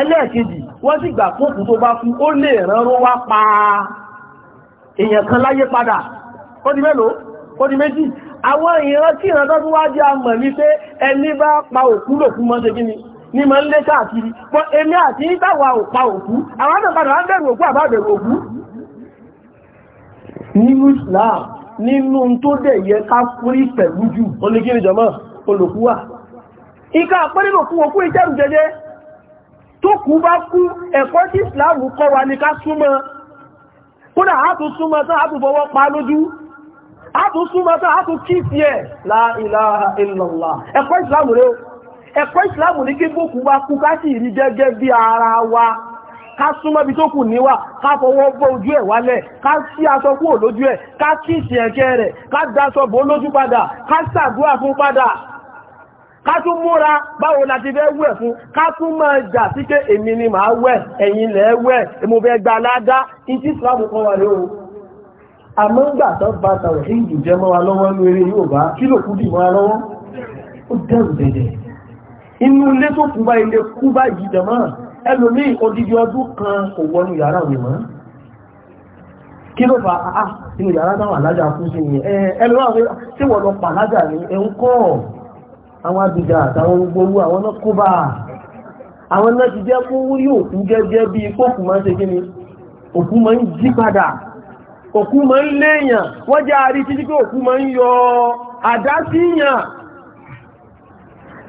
ẹlẹ́ẹ̀kejì wọ́n sì gbà kókù tó bá kú ó lè ránró wá pa èèyàn kan láyé padà ó di mélòó ó di méjì àwọn ìran tí wá jẹ́ àmọ̀ ní pé ẹni bá pa òkú lòkú mọ́ ṣe kí ni ní ma ń lé káàkiri pọ́ èmi àti ìtàwà òpa òkú àwọn àtàbàdà wá bẹ̀rù òkú àbábẹ̀rù òkú nínú Islam nínú tó dẹ̀ yẹ ká kúrí pẹ̀lú jù oníkiri jọmọ́ olùkúwà ìka àpẹ́rẹ́ òkú òkú tó kú bá kú ẹ̀kọ́ tí Islam kọ́ wa ní ká súnmọ́ kódà á tún súnmọ́ tán á tún fọwọ́ pa lójú á tún súnmọ́ tán á kí la ilaha illallah Islam rẹ̀ ẹ̀kọ́ ìsìláàmù ní kí bókù wá kú ká sì rí gẹ́gẹ́ bí ara wa ká súnmọ́ bí tó kù níwà ká fọwọ́ bọ́ ojú ẹ̀ wálẹ̀ ká sí aṣọ kúrò lójú ẹ̀ ká kí ìsìn ẹ̀kẹ́ rẹ̀ ká daṣọ bò lójú padà ká ṣàdúrà fún padà ká tún múra báwo la ti fẹ́ wẹ̀ fún ká tún máa jà sí pé èmi ni màá wẹ̀ ẹ̀yin lẹ̀ wẹ̀ èmo fẹ́ gba aládá ìtí ìsìláàmù kan wà lóhun àmọ́ ìgbà tó bá tàwẹ̀ ìjù jẹ́ wa lọ́wọ́ ní eré Yorùbá kí lòkú dì mọ́ lọ́wọ́ ó dẹ̀rù dẹ̀dẹ̀ inú ilé tó kú bá ilé kú bá yìí jẹ̀mọ́ ẹlòmí odidi ọdún kan kò wọnú yàrá òní mọ́ kí ló fà á ah, ah, inú yàrá táwọn alájà kú sí ni eh, ẹlòmí àwọn tí wọ́n lọ pa alájà ni ẹ̀ ń kọ́ àwọn abìjà àtàwọn gbogbo àwọn náà kó bá àwọn náà ti jẹ́ kó wúrí òkú gẹ́gẹ́ bí kókù máa ń ṣe kí ni òkú máa ń jí padà òkú máa ń léèyàn wọ́n jẹ́ àrí títí pé òkú máa ń yọ àdá síyàn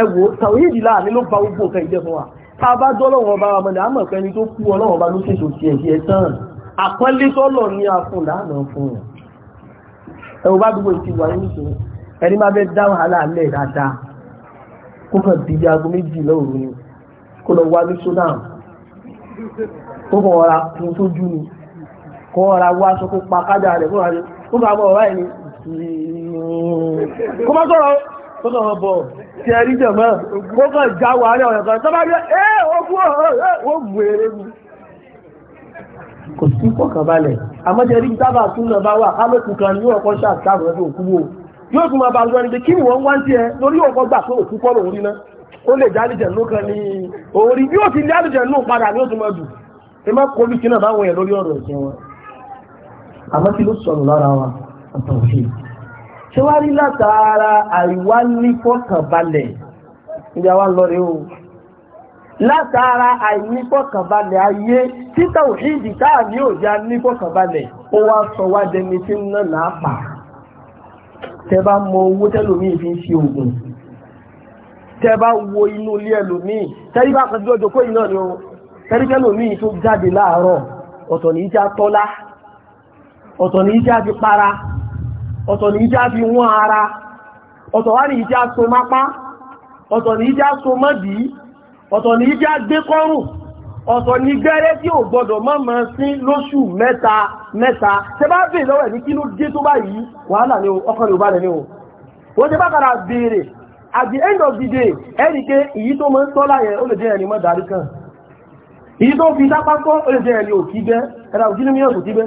ẹwò tàwíyèdì láàrin ló fa gbogbo nǹkan ìjẹ́ fún wa tá a bá dọ́lọ́wọ́n bá ọmọdé àmọ̀ pé ẹni tó kú ọlọ́wọ́n bá ló ṣèṣò sí ẹ̀sí ẹ̀ tán àpọ́nlé tọ́lọ̀ ní afún lánàá fún un ẹwò bá dúró ìtì wà nínú ìṣòro ẹni máa fẹ́ dá wàhálà alẹ́ dáadáa kó kàn ti di aago méjì lóru ni kó lọ wá ní sudan kó kàn ọ̀ra kún sójú ni kó ọ̀ra wá aṣọ kó pa kájà rẹ̀ kó rà tọ́nà ọbọ̀ tí a rí jẹ̀mọ́ ó kàn já wà ní ọ̀rẹ́ kan tọ́ba yẹ ẹ́ ogún ó bù èrè mi. kò sí fọkànbalẹ̀ àmọ́jẹ́ rí sábà tún náà bá wà kámẹ́kù kan ní ọkọ̀ ṣàtàrọ̀ ẹ̀fọ́ òkú wo yóò tún máa bá lọ níbi kí ni wọ́n ń wá ń tiẹ̀ lórí ọkọ̀ gbà pé òkú kọ́ lòun rí ó lè jálìjẹ̀ ló kan ní orí bí ti jálìjẹ̀ ló padà ṣe wá rí látara àríwá ní fọ́kànbalẹ̀ ìyá wa lọ́rẹ̀ o látara àìnífọ́kànbalẹ̀ ayé títà òṣìdì táà ní òjá nífọ́kànbalẹ̀ ó wá sọ wá dẹni tí ń náà láàpà tẹba mọ owó tẹ́lòmí fi ń ṣe ogun tẹba wo inú ilé ẹlòmí tẹ́rí bá kan jọjọ kó iná ni o tẹ́rí tẹ́lòmí tó jáde láàárọ̀ ọ̀tọ̀ ní ìjà tọ́lá ọ̀tọ̀ ní ìjà ti para ọ̀tọ̀ ní ìjá fi wọ́n ara ọ̀tọ̀ wá ní ìjá so mápá ọ̀tọ̀ ní ìjá so mọ́dí ọ̀tọ̀ ní ìjá gbé kọ́rùn ọ̀tọ̀ ní gbẹ́rẹ́ tí ò gbọdọ̀ mọ́mọ́ sí lóṣù mẹ́ta mẹ́ta tẹ bá bèèrè lọ́wọ́ ní kí ló dé tó báyìí wàhálà ni ọkọ̀ ni bá rẹ̀ ni ò wọ́n bá kàrà bèèrè at the end of the day ẹni pé èyí tó mọ́ sọ́lá yẹn ó lè jẹ́ ẹni mọ́ darí kan èyí tó fi sápá kọ́ ó lè jẹ́ ẹni òkí bẹ́ ẹ̀rà òkí ní mìíràn kò bẹ́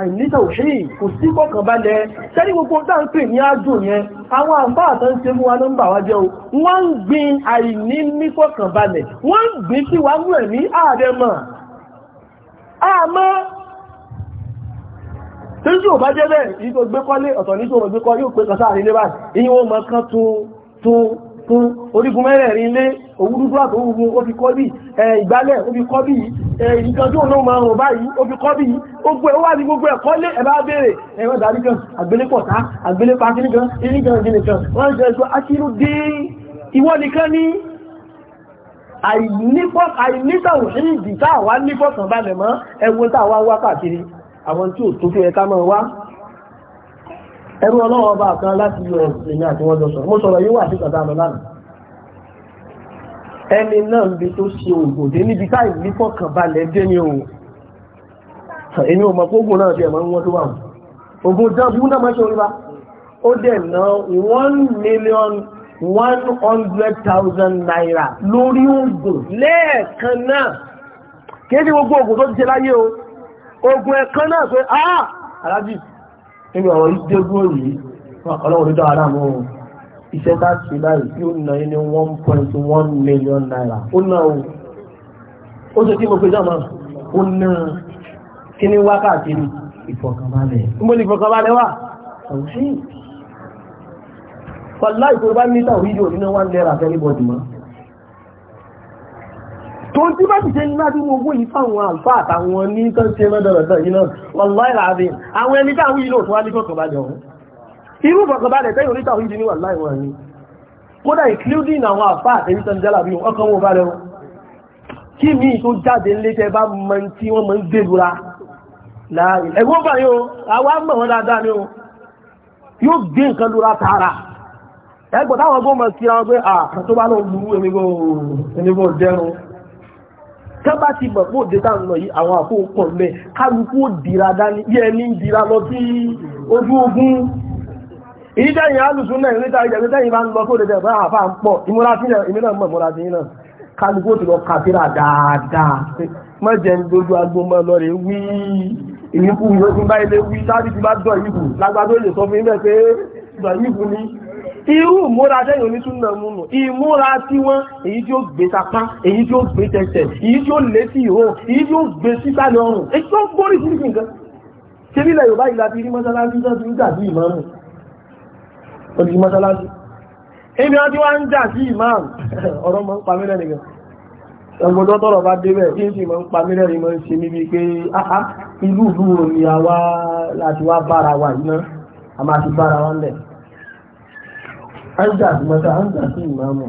àìníta òṣèrè kò sí kọkànbalẹ̀ sẹ́rí gbogbo dáńpè ní ájò yẹn àwọn àǹbá àtàn ṣe mú wa ló ń bà wá jẹ́ o wọ́n ń gbin àìní ní kọkànbalẹ̀ wọ́n ń gbin sí wa mú ẹ̀mí ààrẹ mọ̀ àmọ́ tí yóò bá jẹ́ bẹ́ẹ̀ yìí tó gbé kọ́lé ọ̀tọ̀ ní tó gbé kọ́ yóò pé kọsáà nílé báyìí ìyẹn ó mọ kán tún tún fún orígun mẹ́rẹ̀ẹ̀rin lé òwú dúdú àti òwú gun ó fi kọ́ bí ìgbálẹ̀ ó fi kọ́ bí ìkan tí òun náà máa rùn báyìí ó fi kọ́ bí gbogbo ẹ̀ wà ní gbogbo ẹ̀ kọ́lé ẹ̀ bá béèrè ẹ̀rọ ìdarí kan àgbélépọ̀tá àgbélépa kìnnìkan ìrìnkan ìjìnìkan wọ́n ń jẹ́ ìṣọ́ akínú dé ìwọ nìkan ní àìnítàwò ìdí táà wá nífọ̀kànbalẹ̀ mọ́ ẹwọ́n táà wá wá káàkiri àwọn tí ò tó fẹ́ ẹrú ọlọ́wọ́ bá kan láti us lèmi àti wọ́n jọ sọ mo sọ̀rọ̀ yìí wà sí kàtà lọ lánàá ẹni náà níbi tó ṣe ògbòdé níbi táì ní fọkànbalẹ̀ dé ní òun èmi ò mọ̀ pé ogun náà ti ẹ̀mọ́ wọn tó wà wọn ogun dábú náà máa ṣe orí bá ó dẹ̀ ná one million one hundred thousand naira lórí ogun lẹ́ẹ̀kan náà kí é ṣe gbogbo ogun tó ti ṣe láyé o ogun ẹ̀kan náà pé ah alájì níbi ọ̀rọ̀ ìdégún yìí ọlọ́run ló dára mọ́ o iṣẹ́ tá a ṣe báyìí yóò ná ní one point one million naira ó ná o ó ṣe kí mo pe jọ́mọ́ ó ná kí ní wákàtí ìfọ̀kànbalẹ̀ níbo ni ìfọ̀kànbalẹ̀ wà ọ̀hún. pàlá ìfowópamọ́ ní tàwọn fídíò nínú one naira fẹ́ ní tó tí bá ti ṣe ní láti mú ogún yìí fáwọn àlùfáà àtàwọn ní tó ń ṣe mọ́dọ̀rọ̀dọ̀ yìí náà wàláì láàbí àwọn ẹni táwọn yìí lóòtú wá ní kọ̀kọ̀balẹ̀ ọ̀hún irú kọ̀kọ̀balẹ̀ tẹ́yìn oníta òyìn ní wàláì wọn ni kódà including àwọn àlùfáà àtẹ̀yìn tó ń jálà bí ọkàn wọn balẹ̀ wọn kí mi tó jáde ńlé tẹ bá mọ tí wọ́n mọ ń gbèlúra láàrin ẹ̀gbọ́n bá yóò àwa mọ̀ wọn dáadáa ni o yóò gbé nǹkan lura tààrà ẹgbọ̀n táwọn gbọ́n mọ̀ kí wọn pé àkàtó bá lọ lù ú tá bá ti mọ̀ pé òde tá ń lọ yìí àwọn àpò mẹ́ kálukú ó dira dání yẹ ẹni ń dira lọ sí ojú ogun èyí tẹ́yìn alùsùn náà ìrìntà ìjẹ̀bí tẹ́yìn bá ń lọ sóde tẹ̀ bá àfà ń pọ̀ ìmúra sí ti lọ kàfíra dáadáa mọ̀ jẹ́ ń dojú agbómọ lọ rẹ̀ wí ìyíkú ìyókùn báyìí lé wí sáré ti bá irú ìmúra sẹ́yìn onítúnà múnú ìmúra tí wọ́n èyí tí ó gbé sapá èyí tí ó gbé tẹsẹ̀ èyí tí ó lé sí ìhó èyí tí ó gbé sísàlẹ̀ ọrùn èyí tó gbórí sí nǹkan ṣé nílẹ̀ Yorùbá yìí láti rí mọ́sálásí tó ti ń jà sí ìmáàmù ó ti rí mọ́sálásí èmi ọtí wá ń jà sí ìmáàmù ọ̀rọ̀ mọ́ ń pa mílẹ̀ nìkan ọgbọ́dọ́ tọrọ bá débẹ̀ tí ń sì mọ́ ń pa mílẹ̀ ni mọ́ ń ṣe níbi pé áá ìlú ìlú òní àwa láti wá bára wa yìí náà a máa ti bára wa ń áńgà àti mọ́tà áńgà sí ìmáàmù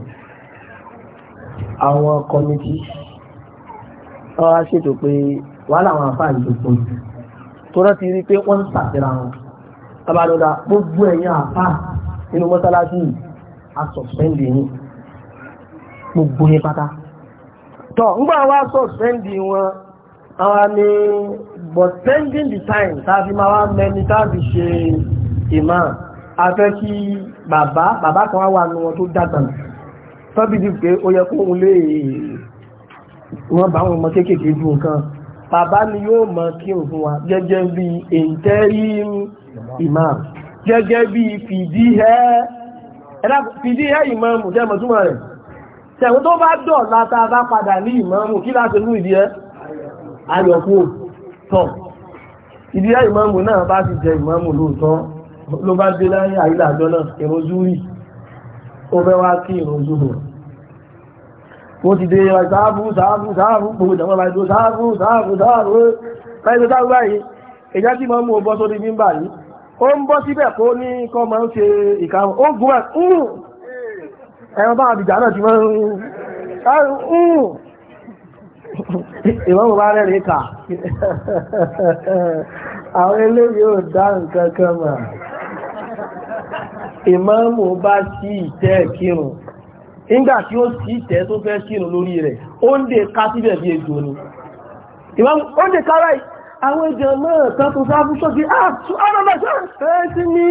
àwọn kọ́mítì wọ́n wá ṣètò pé wàhálà àwọn àfáàní tó pọ̀ jù tó rán ti rí pé wọ́n ń sàtìra wọn tabalọ́dà gbogbo ẹ̀yìn àfáà nínú mọ́sálásí asọ̀fẹ́ndì yìí gbogbo yẹn pátá tọ́ ńgbà wá sọ̀fẹ́ndì wọn àwọn ni but spending the time tàbí máa wá mẹ́ni tàbí ṣe ìmáà afẹ́ kí bàbá bàbá kan wá wà ní wọn tó dàgbà tọ́bí di pé ó yẹ kó òun lè wọ́n bá wọn ọmọ kéékèèké ju nǹkan bàbá ni yóò mọ kí n fún wa gẹ́gẹ́ bí interim imam gẹ́gẹ́ bí fìdíhẹ́ ẹ̀dá fìdíhẹ́ ìmáàmù jẹ́ mọ̀túnmọ̀ rẹ̀ tẹ̀wọ́n tó bá dọ̀ láta bá padà ní ìmáàmù kí láti mú ìdí ẹ́ ayọ̀kú tọ̀ ìdí ẹ́ ìmáàmù náà bá ti jẹ ìmáàmù lóòótọ́ ló bá dé láyé àìlà àjọ́nà ìrọ̀jú rí ó fẹ́ wá kí ìrọ̀jú bọ̀ wọ́n ti dé sáàbù sáàbù sáàbù gbogbo ìjọba bá ìjọ sáàbù sáàbù sáàbù láìsọ sáàbù báyìí èyá tí mọ́ mú o bọ́ sórí mímbà yìí ó ń bọ́ síbẹ̀ kó ní kọ́ máa ń ṣe ìkàwọn ó gùn ẹ̀rọ bá àbìjà náà ti máa ń ìwọ́n mo bá rẹ̀rìn kà àwọn eléyìí ò dá nǹkan kan mà ìmáàmù bá sí ìtẹ́ kírun nígbà tí ó sí ìtẹ́ tó fẹ́ kírun lórí rẹ̀ ó ń dè ká síbẹ̀ bí ejò ni ó dè ká ráì àwọn ìjọ náà kan tó sáfù sọ́kì àtú ọlọ́lọ́sọ́ ẹ sí ní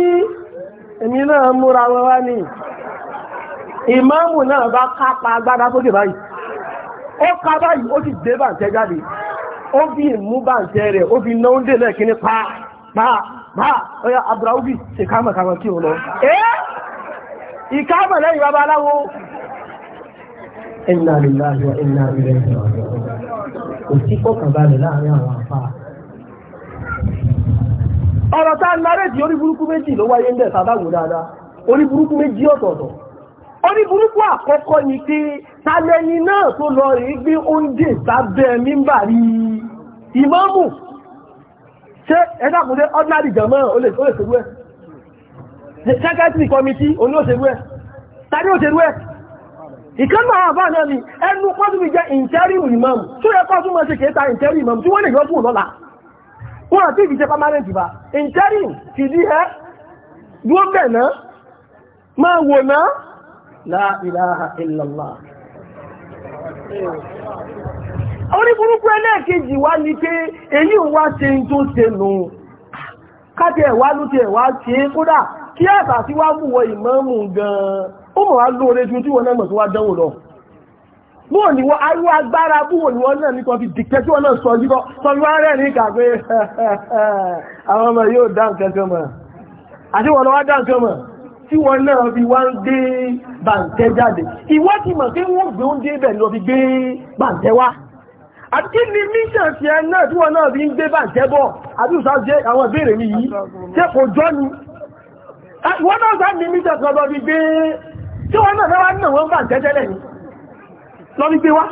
èmi náà múra wọn wá ní ìmáàmù náà bá kápa agbádá dee báyìí ó ká báyìí ó sì gbé bàǹtẹ́ jáde ó fi ìmú bàǹtẹ́ pa bá ọya abdulrahubi ṣe ká mọ̀ ká mọ̀ kí o lọ. ìkámọ̀ lẹ́yìn bàbá aláwo. inna lillahi wa inna ilayhi raji'un kò sí kọ́kànbalẹ̀ láàrin àwọn àfa. ọ̀rọ̀ tá a nárètì orí burúkú méjì ló wáyé ń bẹ̀ sábà wò dáadáa orí burúkú méjì ọ̀tọ̀ọ̀tọ̀ orí burúkú àkọ́kọ́ ni pé talẹ́ni náà tó lọ rí gbé oúnjẹ sábẹ́ mímbà rí ìmáàmù ṣé ẹ̀dá kò dé ordinary jàmọ́ ó lè ṣerú ẹ̀ secretary committee òní ó ṣerú ẹ̀ tàbí ó ṣerú ẹ̀ ìkan máa bá náà ni ẹnu pọ́tùmí jẹ́ interim imam tó yẹ pọ́tùmọ̀ sí kẹta interim imam tí wọ́n lè yọ́ fún lọ́la wọ́n àti ìfìṣẹ́ permanent bá interim ti dí ẹ́ dúó bẹ̀ náà máa wò náà la ilaha orí burúkú ẹlẹ́ẹ̀kejì wá ní pé èyí ń wá ṣe tó ṣe nù káti ẹ̀wá ló ti ẹ̀wá ṣe kódà kí àtà sí wá mú wọ ìmáàmù gan-an ó mọ̀ wá lóore ju tí wọn náà mọ̀ tó wá dánwò lọ bóò ní wọ́n arú agbára bóò ní wọ́n náà nìkan fi dìkẹ́ tí wọ́n náà sọ yíkọ́ tí wọ́n náà fi wá ń gbé bàǹtẹ́ jáde ìwọ́n ti mọ̀ pé wọ́n gbé oúnjẹ ibẹ̀ lọ fi gbé bàǹtẹ́ wá àti kí ni mission ti ẹ náà tí wọ́n náà fi ń gbé bàjẹ́ bọ̀ àbí ìsáṣẹ́ àwọn ìbéèrè mi yìí ṣé kò jọ ni wọ́n náà sá ní mission kan lọ fi gbé tí wọ́n náà náà náà wọ́n bàjẹ́ tẹ́lẹ̀ ni lọ fi gbé wá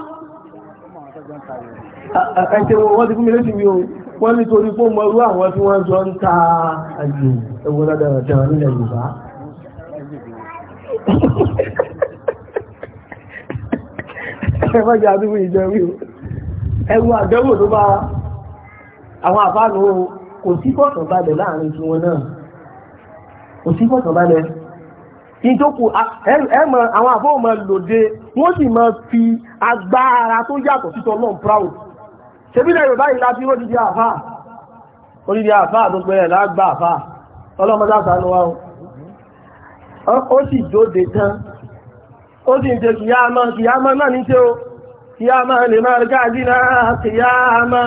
ẹ̀kẹ́ wọ́n ti fún mi lẹ́sìn mi o wọ́n ní torí fún mọ́rú àwọn tí wọ́n jọ ń ta àjò ẹwọ́n dáadáa nílẹ̀ Yorùbá ẹwọ àdẹ́wò ló bá àwọn àfáànù kò sí fọ̀tàn balẹ̀ láàrin tiwọn náà kò sí fọ̀tàn balẹ̀ ìjókòó ẹmọ àwọn àfọ́ ọmọ lòdè wọ́n sì máa fi agbára tó yàtọ̀ títọ́ náà proud ṣebílẹ̀ yorùbá yìí láti ró dídí àfá orídí àfá tó pẹ̀lẹ̀ lágbà àfá ọlọ́mọdá sánú Kìyàmá lè máa rẹ̀ gáàdínà kìyàmá.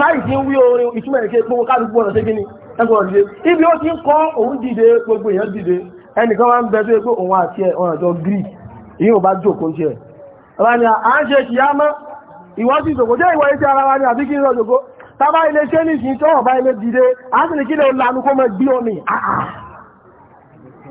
Láì tí ń wí orin ìtumẹ̀ ìṣe gbogbo kálùkù ọ̀nà ṣe gíní dìde. Ibi ó ti ń kọ́ òun dìde gbogbo èèyàn dìde. Ẹnìkan wá ń bẹ tó yẹ pé òun àti ẹ̀ ọ̀nà jọ gírì. Ìyí ò bá jókòó jẹ. Ọba ni à ń ṣe kìyàmá. Ìwọ́n ti jòkó jẹ́ ìwọ́ iṣẹ́ ara wa àbí kí ń lọ Tábà ilé ṣé ní kí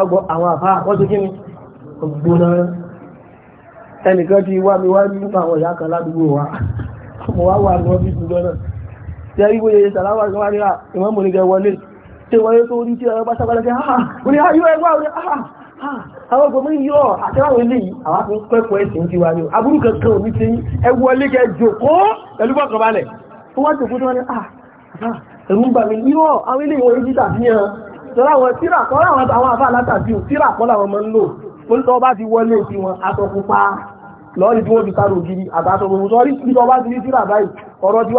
ọgbọ́ àwọn àfá wọ́n tó kíni gbóná ẹnìkan ti wá mi wá nípa àwọn ìyá kan ládùúgbò wa mo wá wà ní ọ́fíìsì lọ́nà tí a rí bóyá sàláwà kan wá níra ìmọ̀ mo ní ah, kẹ wọlé tí wọlé tó rí tí ọ̀rọ̀ bá sábàlẹ̀ kẹ ha ah, ah, mo ní ayọ́ ẹgbà mo ní ha àwọn ọgbọ̀n mi yọ àtẹ́wàwọ̀ ilé yìí àwọn akọ̀ pẹ́pọ̀ ẹ̀sìn ti wá ní aburú kankan ò ní ti ẹ wọlé kẹ jòkó pẹ̀lú bọ́ọ̀kan balẹ̀ ó wá jòkó tó wá ní ẹ̀rù ń bà mí yọ àwọn ilé ìwọ̀n yìí tọ́lá àwọn tíra kọ́ láwọn àwọn àfà látàbí ò tíra kọ́ láwọn ọmọ ń lò ó ń tọ́ bá ti wọlé sí wọn aṣọ pupa lọ́ọ̀lì tí wọ́n fi sáré ògiri àtàṣọ gbogbo sọ́rí tí tọ́ bá ti ní tíra báyìí ọ̀rọ̀ ti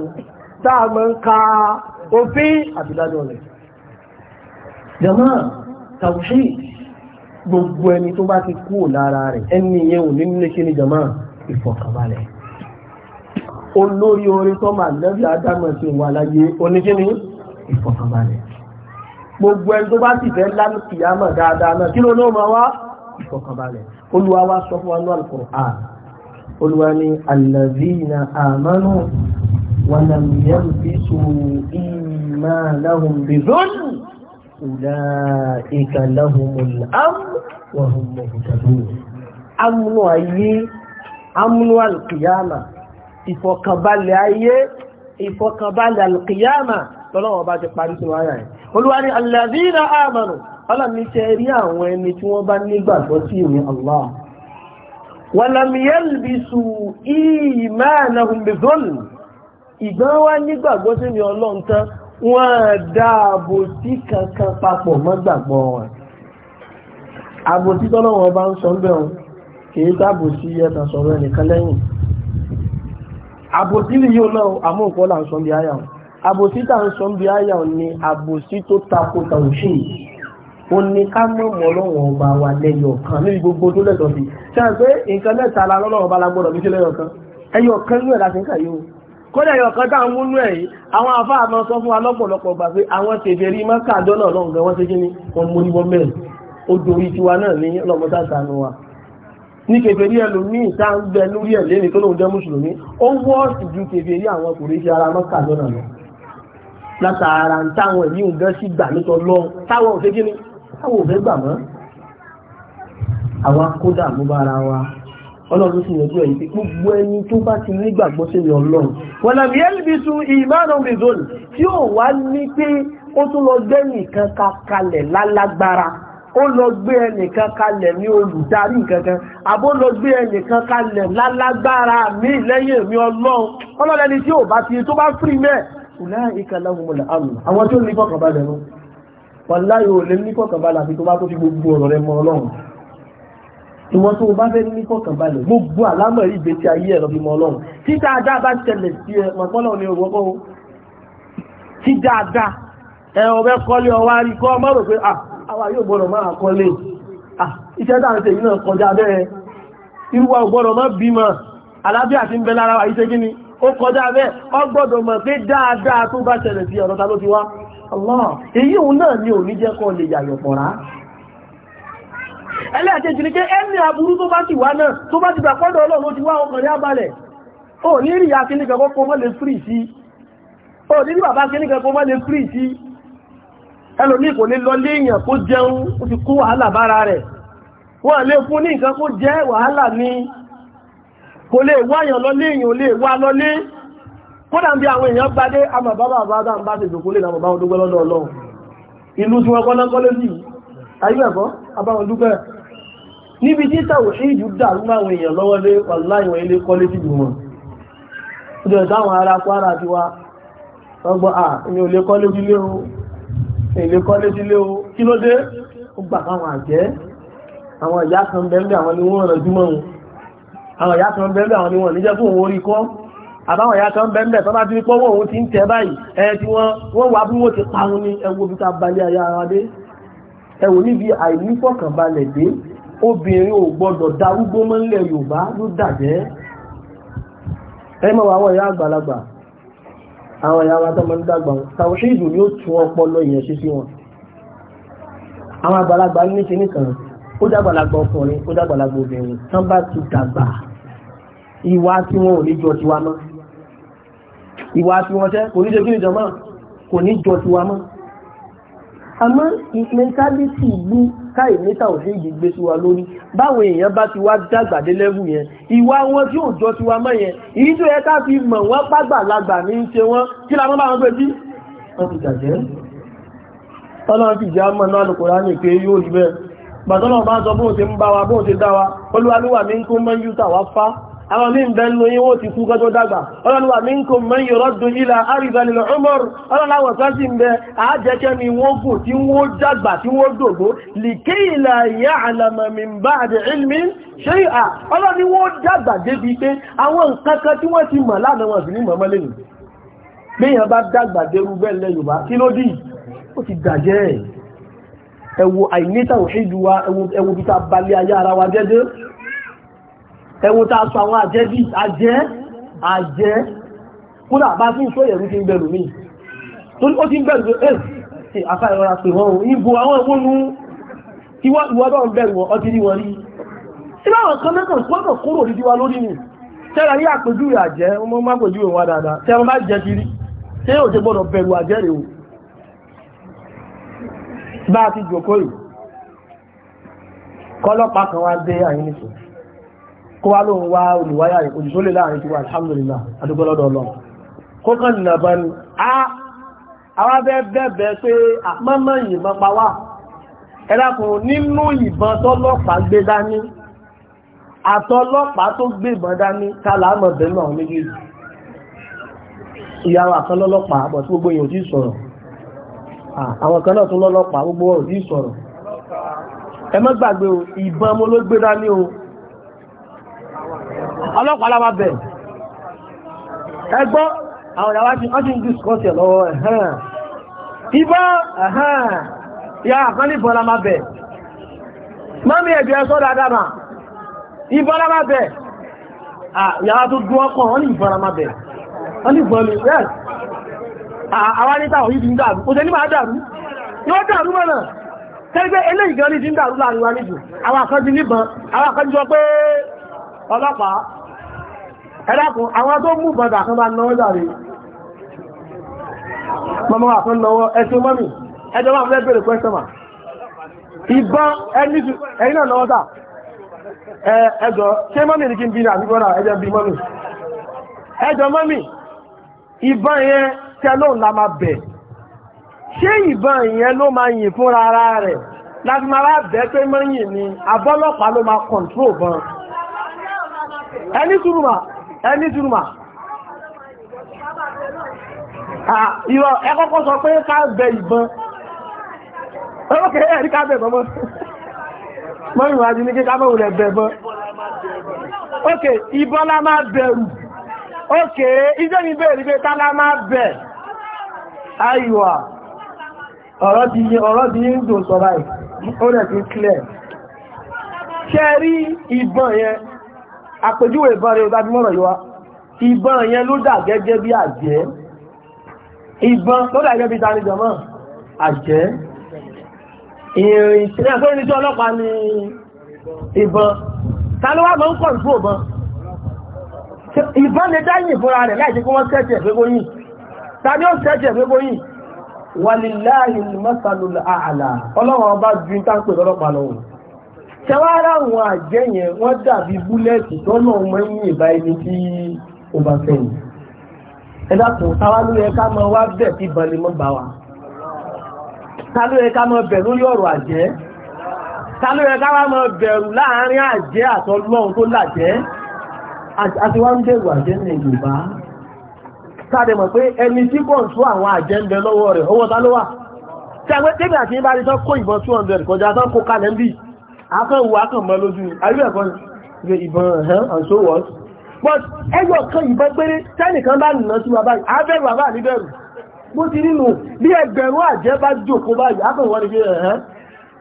ni tá a mọ̀ ń ka òfin àbídájọ́ rẹ̀ jẹ́mọ́ tàwùsí gbogbo ẹni tó bá olórí orin tó máa lẹ́bí adámọ̀ sí wà láyé oníkíní ìfọ̀kànbalẹ̀ gbogbo ẹni tó bá sì fẹ́ lánàá kìyàmọ̀ dáadáa náà kí ló ló máa wá ìfọkànbalẹ̀ olúwa wá sọ fún wa ní Al-Qur'an olúwa ní allazina amanu wa lam yalbisu imanahum bizulm ulaika ìfọkànbalẹ̀ ayé ìfọkànbalẹ̀ al lọ́lọ́wọ́ bá ti parí sínú ara ẹ̀ olúwa ni alladhina amanu ọlọ́ni ṣe rí àwọn ẹni tí wọ́n bá nígbàgbọ́ sí ìwé Allah walam yalbisu imanahum bizulm ìgbọ́n wá nígbàgbọ́ sí mi ọlọ́run tán wọ́n dáàbò sí kankan papọ̀ mọ́gbàgbọ́ àbòsí lè yóò náà àmúǹkọ́ là ń sọ bí áyà àbòsí tà ń sọ ń bí àyà ò ní àbòsí tó tako tàùsí ò ní ká mọ̀ mọ́ lọ́wọ́ ọba wa lẹ́yọ̀ kan níbi gbogbo tó lẹ́tọ̀ọ́ sí ṣe àgbé nǹkan mẹ́ta la lọ́wọ́ ọba la gbọ́dọ̀ bí ṣe lẹ́yọ̀ kan ẹyọ kan ní ẹ̀ láti ń kà yóò kódà ẹyọ kan tá ń múnú ẹ̀ yìí àwọn afáà máa sọ fún wa lọ́pọ̀lọpọ̀ gbà pé àwọn tèfèrí má káàjọ́ náà lọ́hùn wọ́n ṣe kí ni wọ́n mú ní bọ́m̀bẹ̀ odò orí tiwa náà ní ọlọ́mọdá sànù wa ní kèfèrí ẹlòmíì tá ń bẹ lórí ẹ̀ lẹ́ni tó lóun jẹ́ mùsùlùmí ó wọ́ọ̀sì ju kèfèrí àwọn kò ṣe ara má káàjọ́ náà lọ látara ń táwọn èyí ń gán sí gbà nítorí lọ táwọn ò kí ni táwọn ò fẹ́ gbà mọ́ àwa kódà mú bára wa ọlọ́run sì yẹjú ẹ̀yí pé gbogbo ẹni tó bá ti nígbàgbọ́ sí ni ọlọ́run wọn làbí ẹlẹ́bìtú ìmọ̀ràn rìzọ́nì tí ó wá ní pé ó tún lọ gbé nìkan ka kalẹ̀ lálágbára ó lọ gbé ẹnìkan kalẹ̀ ní olùdarí kankan àbó lọ gbé ẹnìkan kalẹ̀ lálágbára mi lẹ́yìn mi ọlọ́run ọlọ́run ẹni tí ò bá ti tó bá fírí mẹ́ẹ̀ ulaika lahumul amn àwọn tó ní fọkànbalẹ̀ lọ wallahi ò lè ní fọkànbalẹ̀ àfi tó bá tó fi gbogbo ọ̀rọ̀ rẹ mọ ọlọ́run ìwọ̀n tó bá fẹ́ ní fọkànbalẹ̀ gbogbo àlámọ̀ rí ìgbésí ayé ẹ̀rọ fi mọ ọlọ́run tí dáadáa bá ṣẹlẹ̀ sí ẹ mọ̀pọ́lọ̀ ni òwọ́pọ́ o tí dáadáa ẹ ọbẹ̀ kọ́lé ọwá rí kọ́ ọmọ rò pé àwa yóò gbọ́dọ̀ máa kọ́lé iṣẹ́ dáa ń ṣe náà kọjá bẹ́ẹ̀ irúwa ò gbọ́dọ̀ má bímọ àlàáfíà ti ń bẹ lára wa iṣẹ́ kí ó kọjá bẹ́ẹ̀ ọ gbọ́dọ̀ mọ̀ pé dáadáa tó bá ṣẹlẹ̀ sí ọ̀rọ̀ ta ló ti wá Allah èyí òun ni ò ní jẹ́ kọ́ lè yàyọ̀ pọ̀rá ẹlẹ́ẹ̀kejì ni pé ẹni aburú tó bá ti wá náà tó bá ti gbà pọ́dọ̀ ọlọ́run ti wá ọkàn rí abalẹ̀ ò ní rí ya kíní kankan kó mọ́ lè fírì sí ò ní rí bàbá kíní kankan kó mọ́ lè fírì ti kó wàhálà bára rẹ̀ wọ́n lè fún ní nǹkan kó jẹ́ wàhálà ní kò lè wáyàn lọlé èyàn lè wá lọlé kódà bí àwọn èèyàn gbádé àmàbábà àbádá ń bá ṣe jòkó lè nàmàbá ọdún gbẹ́lọ́dọ̀ ọlọ́run ìlú tí wọ́n kọ́ lọ́kọ́lé sí ayé ẹ̀kọ́ abáwọn dúpẹ́ níbi tí tàwọ̀ sí ìjú dàrú àwọn èèyàn lọ́wọ́ lé wàláìwọ̀n ilé kọ́lé sí ìlú wọn ìjọ ìdáwọn ará àwọn ìyá kan bẹ́ẹ̀ àwọn ni wọ́n níjẹ́ fún òun orí kọ́ àbáwọn ìyá kan bẹ́ẹ̀ tọ́lá ti pọ́ wọ́n ti ń tẹ́ báyìí ẹ ti wọ́n wọ́n wà bí wọ́n ti parun ní ẹwọ́ bí ká balẹ̀ ayé ara dé ẹwọ́ níbi àìnífọ̀kànbalẹ̀ dé obìnrin ò gbọ́dọ̀ darúgbó mọ́lẹ̀ Yorùbá ló dàjẹ́ ni ó tún ọpọlọ ìyẹn ṣe sí wọn àwọn àgbàlagbà ní ṣe nìkan ó dàgbàlagbà ọkùnrin ó dàgbàlagbà obìnrin tán bá ti dàgbà ìwà tí wọn ò ní jọ tiwa mọ́ ìwà tí wọn tẹ́ kò ní jẹ́ kí ni jọmọ́ kò ní jọ tiwa mọ́ àmọ́ ìmẹ́ntálítì ìlú káì mẹ́ta ò sí ìgbé sí wa lórí báwọn èèyàn bá ti wá dàgbàdé lẹ́wù yẹn ìwà wọn tí ò jọ tiwa mọ́ yẹn èyí tó yẹ ká fi mọ̀ wọ́n pàgbàlagbà ní í ṣe wọ́n kí la mọ́ bá wọn pé bí ọlọ́run ti jẹ́ ọmọ náà lùkùrá ní pé yóò rí bẹ́ẹ̀ bàtọ́lọ́ bá sọ bóun ti ń bá wa bóun ti dá wa olúwa ló wà ní kó mọ́ yúta wá fá àwọn mí ń bẹ nínú yín wọ́n ti kú kọjọ́ dàgbà ọlọ́lọ́wà mí ń kò mọ́ ìrọ́dù ilẹ̀ àríbẹ̀lẹ̀ ọmọrù ọlọ́láwọ̀ tó sì ń bẹ àájẹ́kẹ́ mi wọ́n gùn tí wọ́n dàgbà tí wọ́n dògbó lìkí ilẹ̀ ìyá àlàmàmì bá àdì ilmi ṣe à ọlọ́ni wọ́n dàgbà débi pé àwọn nǹkan kan tí wọ́n ti mọ̀ lánàá wọn sì ní mọ̀mọ́ lẹ́yìn ẹwọ́n tá a sọ àwọn àjẹ́ bí àjẹ́ àjẹ́ kúrò bá tí ń sọ ẹ̀rù ti ń bẹ̀rù mí torí ó ti ń bẹ̀rù ẹ̀ sí àfáìrọra pè wọ́n òun ìbò àwọn ìwọ́nú ìwọ́dọ̀ ń bẹ̀rù ọtí ní wọn rí síláwọ̀ kan mẹ́kàn kọ́kàn kúrò ní tiwa lórí mi tẹ́ra ní àpèjúwe àjẹ́ ọmọ má pèjúwe wọn dáadáa tẹ́ra bá jẹ́ kiri ṣé ò ṣe gbọ́dọ̀ bẹ̀rù àjẹ́ rè o bá a ti jòkó yìí kọ́lọ́pàá kan wá dé àyínísùn kó wá lóun wá olùwáyà rẹ̀ òjì tó lè láàrin tí wà alhamdulillah adúgbọ́lọ́dọ̀ lọ kó kàn nà bá ní a àwọn abẹ́ bẹ̀bẹ̀ pé àmọ́mọ́ ìyìnbọn pa wá ẹlákùn nínú ìbọn tọ́lọ́pàá gbé dání àtọlọ́pàá tó gbé ìbọn dání kálàmọ̀ bẹ̀rẹ̀ náà méjèèjì ìyàwó àkọlọ́lọ́pàá bọ̀ tí gbogbo èèyàn ò tí sọ̀rọ̀ àwọn kan náà tún lọ́lọ́pàá gbogbo ọlọ́pàá E bẹ̀ ẹgbọ́ àwọn ìyàwó ti ọdún ìdí skọ́tẹ̀ lọ́wọ́ ẹ̀hàn ibọ́ ẹ̀hàn ya àkọ́lì ìbọn lábá bẹ̀ mọ́mí ẹ̀bí ẹ̀sọ́ dáadáa mà ìbọn bẹ̀ ìyàwó tó dún ọkàn wọ́n ní ìbọn tẹ́gbẹ́ eléyìí gan ní láàrin wa níjù àwọn àkọ́jú níbọn àwọn àkọ́jú ọlọ́pàá ẹ̀dàkùn àwọn tó mú padà kan bá náwọ́ jàre mọ́mọ́ wà náwọ́ ẹ̀ṣẹ́ mọ́mí ẹjọ́ fẹ́ bèèrè pẹ́sẹ̀mà ìbọn ẹ̀yìn náwọ́ tà ẹjọ́ ṣé mọ́mí ní kí n bí ní àbíkọ́ra ẹjọ́ bí mọ́mí ẹni ẹni túnmà ìrọ̀ ẹkọ́kọ́ sọ pé ká bẹ ìbọn ọlọ́kẹ́ ẹ̀rí ká bẹ ìbọn mọ́ mọ́rin wájú ní kíká mọ́rin rẹ̀ bẹ ìbọn ok ìbọn lá máa bẹ̀rù ok iṣẹ́ mi bẹ̀rù pé ká lá máa bẹ̀ ayùwà ọ̀rọ̀ ti yí ń dùn sọ báyìí ó rẹ̀ ti clear ṣe rí ìbọn yẹn àpèjúwe ìbọn rẹ̀ ọ̀dá mímọ́ràn yíwá ìbọn yẹn ló dà gẹ́gẹ́ bí àjẹ́ ìbọn ló dà gẹ́gẹ́ bí tani jọmọ́ àjẹ́ ìrìnṣẹ́ ẹ̀kọ́ ìrìnṣẹ́ ọlọ́pàá ni ìbọn ta ló wá mọ́ ń kọ̀ ìfú ìbọn ìbọn lè dáyìn ìfúnra rẹ̀ láìsí kí wọ́n sẹ́ẹ̀tì ẹ̀fẹ́ bóyìn ta ni ó sẹ́ẹ̀tì ẹ̀fẹ́ bóyìn wàlìláàyè mọ́sàlùlà àlà ọlọ́run ọba ju táǹpẹ̀ lọ́lọ́pàá lọ́wọ́ tẹwàárà àwọn àjẹ́ yẹn wọ́n dàbí búlẹ́ẹ̀tì tọ́nà ọmọ yìí ìbá ẹni tí ó bá fẹ́ yìí ẹ̀dá kò táwa ló yẹ ká mọ wá bẹ̀ kí ìbọn lè mọ́ bá wa ta ló yẹ ká mọ bẹ̀ lórí ọ̀rọ̀ àjẹ́ ta ló yẹ ká wá mọ bẹ̀rù láàárín àjẹ́ àtọ́lọ́run tó làjẹ́ àti wá ń bẹ̀rù àjẹ́ ní Yorùbá káàdé mọ̀ pé ẹni tí kò ń tú àwọn àjẹ́ ń bẹ lọ́wọ́ rẹ̀ owó ta ló wà tẹ̀wé tẹ́bí àti yín bá kó ìbọn two kọjá tán kó kalẹ̀ ń bì akọ̀wò akọ̀mọ́ lójú ayé ẹ̀kọ́ ní ìbọn ẹ̀hán and so what but ẹgbẹ́ ọ̀kan ìbọn péré tẹ́nìkan bá nìna sí ti nínú bí ẹgbẹ̀rún àjẹ́ bá jòkó báyìí akọ̀wò wọn ni bí ẹ̀hán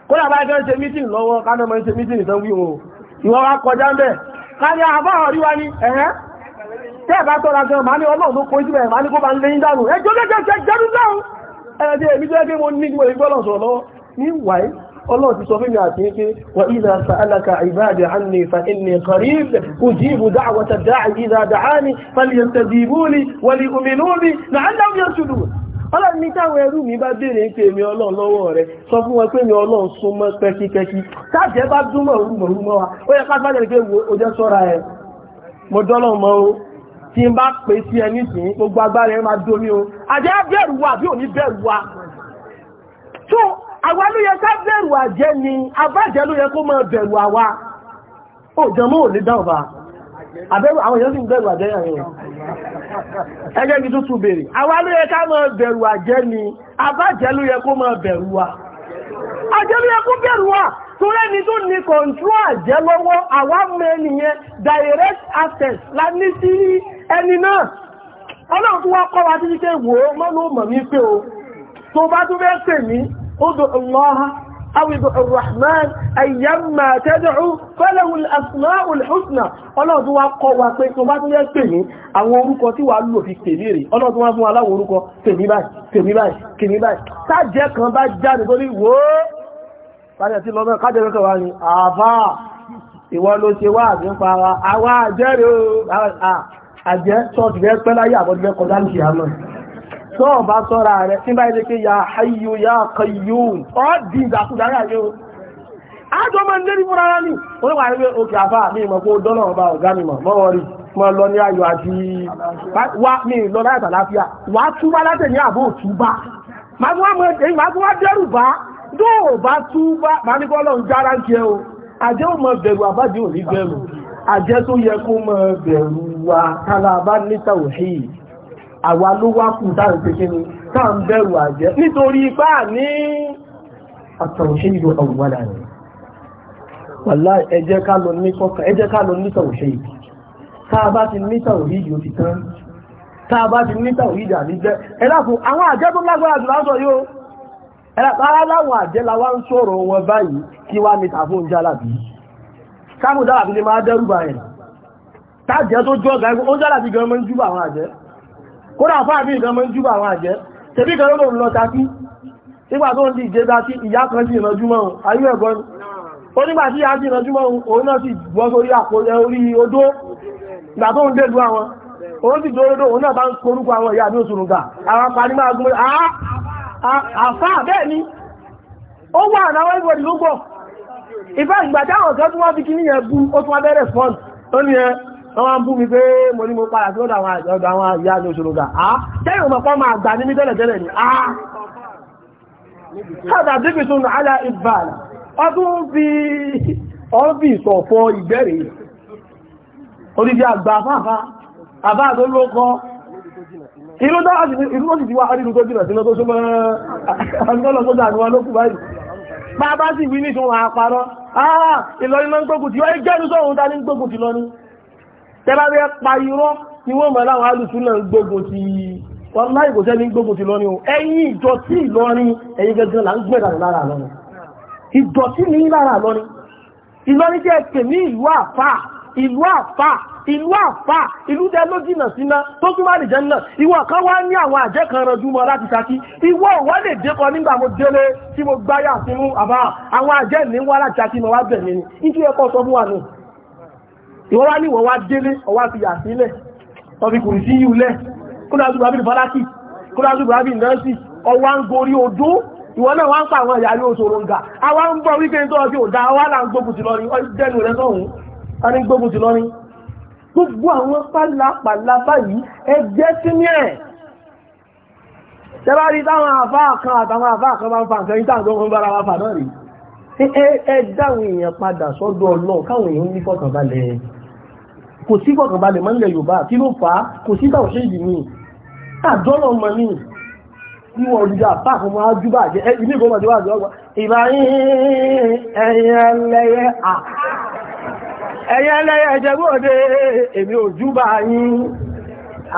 kódà bá jẹ́ ń ṣe mítìn lọ́wọ́ kánà máa ń ṣe mítìn ìtàn wí wọn ìwọ́n wá kọjá ń bẹ̀ kárí àbá ọ̀rí wa ni ẹ̀hán tẹ́ ẹ̀bá tọ́ra gan ma ní ọlọ́run ló kó ìsìnbẹ̀ ma ní kó bá ń lé ń dànù ẹjọ́ jẹ́jẹ́ jẹ́rú láhùn ọlọ́run ti sọ fún mi àti wípé wa ìlà sàálàkà ìbáàdì àmì fa inni qarib ujibu da'wata da'i idha da'ani falyastajibuli wa liyu'minuni la'allahum yarshudun ọlọ́run ní táwọn ẹrú mi bá béèrè ń pè mí ọlọ́run lọ́wọ́ rẹ̀ sọ fún wọn pé mi ọlọ́run súnmọ́ pẹ́kíkẹ́kí táàjẹ́ bá dúnmọ̀ orúmọ̀ orúmọ̀ wa ó yẹ ká sájẹ́ pé o sọ́ra ẹ̀ mo dọ́lọ́ mọ́ o tí n bá pè sí ẹ nísìnyí gbogbo agbára ẹ máa domi o àjẹ́ bẹ̀rù wa bí ò ní bẹ̀rù wa àwa ló yẹ ká bẹ̀rù àjẹ́ ni abájẹ́ ló yẹ kó máa bẹ̀rù àwa ó jẹmọ́ ò ní dáwọ̀bá àbẹ̀rù àwọn èèyàn sì ń bẹ̀rù àjẹ́ yàrin ẹgbẹ́ mi tó tún bèèrè àwa ló yẹ ká máa bẹ̀rù àjẹ́ ni abájẹ́ ló yẹ kó máa bẹ̀rù wa àjẹ́ ló yẹ kó bẹ̀rù wa tó lẹ́ni tó ní kọ̀ǹtró àjẹ́ lọ́wọ́ àwa mọ ẹni direct access la ní sí ẹni náà ọlọ́run tó wá kọ́ wa títí pé wò ó mọ́ ló mọ̀ mí pé o tó bá tún fẹ́ pè mí ادعوا الله أو ادعوا الرحمن أيما تدعوا فله الأسماء الحسنى ọlọ́dún wá kọ́ wa pé tó bá tún lẹ́ pè ní àwọn orúkọ tí wà lò fi tèmi rè ọlọ́dún wá fún wa láwọn orúkọ tèmi báyìí tèmi báyìí tèmi báyìí sájẹ́ kan bá jáde tó ní wòó sájẹ́ tí lọ́mọ kájẹ́ lọ́kọ̀ wá ní àbá ìwọ ló ṣe wá àbí ń pa wa àwa àjẹ́rìí o àjẹ́ sọ́ọ̀tì bẹ́ẹ̀ pẹ́ láyé àbọ̀dún kọjá ní ìyá náà tó ọ̀bá sọ́ra rẹ̀ tí bá ilé pé ya hayo ya kayo ọ́ di ìdàkúdarí àyè o ájọ máa ń lérí fúnra rẹ̀ ní oníwà rẹ̀ òkè àfà mi dọ́nà ọba ọ̀gá mi mọ̀ ma lọ ní ayọ̀ àti wá mi lọ tàlàfíà wà túbá látẹ̀ ní àbò túbá tó àwa ló wá kù táwọn pé kíni táwọn bẹ̀rù àjẹ́ nítorí ipá ní àtọ̀wọ̀ṣẹ́ ìlú ọ̀gbọ́dà rẹ̀ wàlá ẹ jẹ́ ká lọ ní kọ́kàn ẹ jẹ́ ká lọ ní tọ̀wọ̀ṣẹ́ ìlú tá a bá ti ní tọ̀wọ̀ṣẹ́ ìlú ti tán bá ti ní tọ̀wọ̀ṣẹ́ ìlú àti jẹ́ àwọn àjẹ́ tó lágbára jù lásọ yóò la wá ń sọ̀rọ̀ wọn báyìí kí wá ni máa dẹ́rù báyìí tájẹ́ tó jọ́ ọ̀gá ó jálàbí kódà fáà bí ìgbà mọ́ ń júbà àwọn àjẹ́ tẹ̀bí kan ló lọ tàbí nígbà tó ń di ìjẹ́ tàbí ìyá kan sí ìrànjú mọ́ ohun ayé ẹ̀gbọ́n ni ó nígbà tí ìyá sí ìrànjú mọ́ ohun òun náà sì bọ́ sórí àpòlẹ̀ orí odó ìgbà tó ń dèlú àwọn òun sì dóródó òun náà bá ń korúkọ àwọn ìyá mi òṣùrùn gà àwọn parí máa gún àfá ni ó wà àwọn ìwọ̀dì ló gbọ̀ wọ́n wá ń bú mi pé mo ní mo padà sí ọ̀dọ̀ àwọn ìyá ní oṣù lọ́gà á tẹ́yìn ọmọ kan máa gbà ní mí tẹ́lẹ̀ tẹ́lẹ̀ ni á kọ́dà bíbí tún nà álà ìbàlà ọdún bí ọ́bì sọ̀fọ́ ìgbẹ́rẹ̀ oríṣi àgbà fáfá àbá tó lókọ ìlú náà ìlú ó sì ti wá ọdún tó jìnà sínú tó súnmọ́ ọlọ́gbọ́dà ni wọn ló kù báyìí bá bá sì wí ní ìṣòwò àparọ́ ah Ìlọrin lọ ń gbógun ti wọ́n jẹ́rú sọ́run ta ní gbógun ti lọ ní tẹ́lá bẹ́ẹ̀ pa irọ́ ni wọ́n mọ̀ láwọn alùsùn náà gbógun ti wọn láì kò sẹ́ni gbógun ti lọ́rin o ẹ̀yin ìdọ̀tí Ìlọrin ẹ̀yin gẹ́gẹ́ là ń gbẹ̀dà lára lọ́rin ìdọ̀tí ní lára lọ́rin Ìlọrin jẹ́ pè ní ìlú àfà ìlú àfà ìlú àfà ìlú dẹ ló jìnà síná tó tún wà ní jẹ́ náà ìwọ kan wá ní àwọn àjẹ́ kan ranjú mọ́ láti Ṣakí ìwọ òwò lè dékọ nígbà mo délé tí mo gbáyà sínú àbá àwọn àjẹ́ ní wá láti Ṣakí mo wá bẹ̀ mí nítorí ẹ̀kọ́ sọ fún wa náà ìwọ́n wá ní ìwọ̀n wá délé ọwá ti yà sílẹ̀ tọ́bí kùrì sí yìí lẹ̀ kúrázù bàbí fàlákì kúrázù bàbí nọ́ọ̀sì ọwá ń gorí odó ìwọ́n náà wá ń pa àwọn ìyàrí òṣòro ǹgà àwa ń bọ̀ wíkẹ́ tó ọjọ́ òdá wà là ń gbógun ti lọ ní ọdẹ́nu rẹ sọ́hun a ní gbógun ti lọ ní gbogbo àwọn pálapàlapà yìí ẹ jẹ́ sí ní ẹ̀ tẹ́bá rí táwọn èèyàn padà sọ́dọ̀ Ọlọ́run káwọn èèyàn ní fọkànbalẹ̀ kò sí fọkànbalẹ̀ mọ́ nílẹ̀ Yorùbá kí ló fà á kò sí báwọn ṣe yìí ni àjọlọ mọ ní ìwọ̀n òdìjà apá àwọn ọmọ ajúbà jẹ ilé ìgbọ́mọ̀ tí wà sí ọgbà ìbá ẹ̀yẹlẹ́yẹ à ẹ̀yẹlẹ́yẹ ìjẹgbóòdé èmi òjúbà yín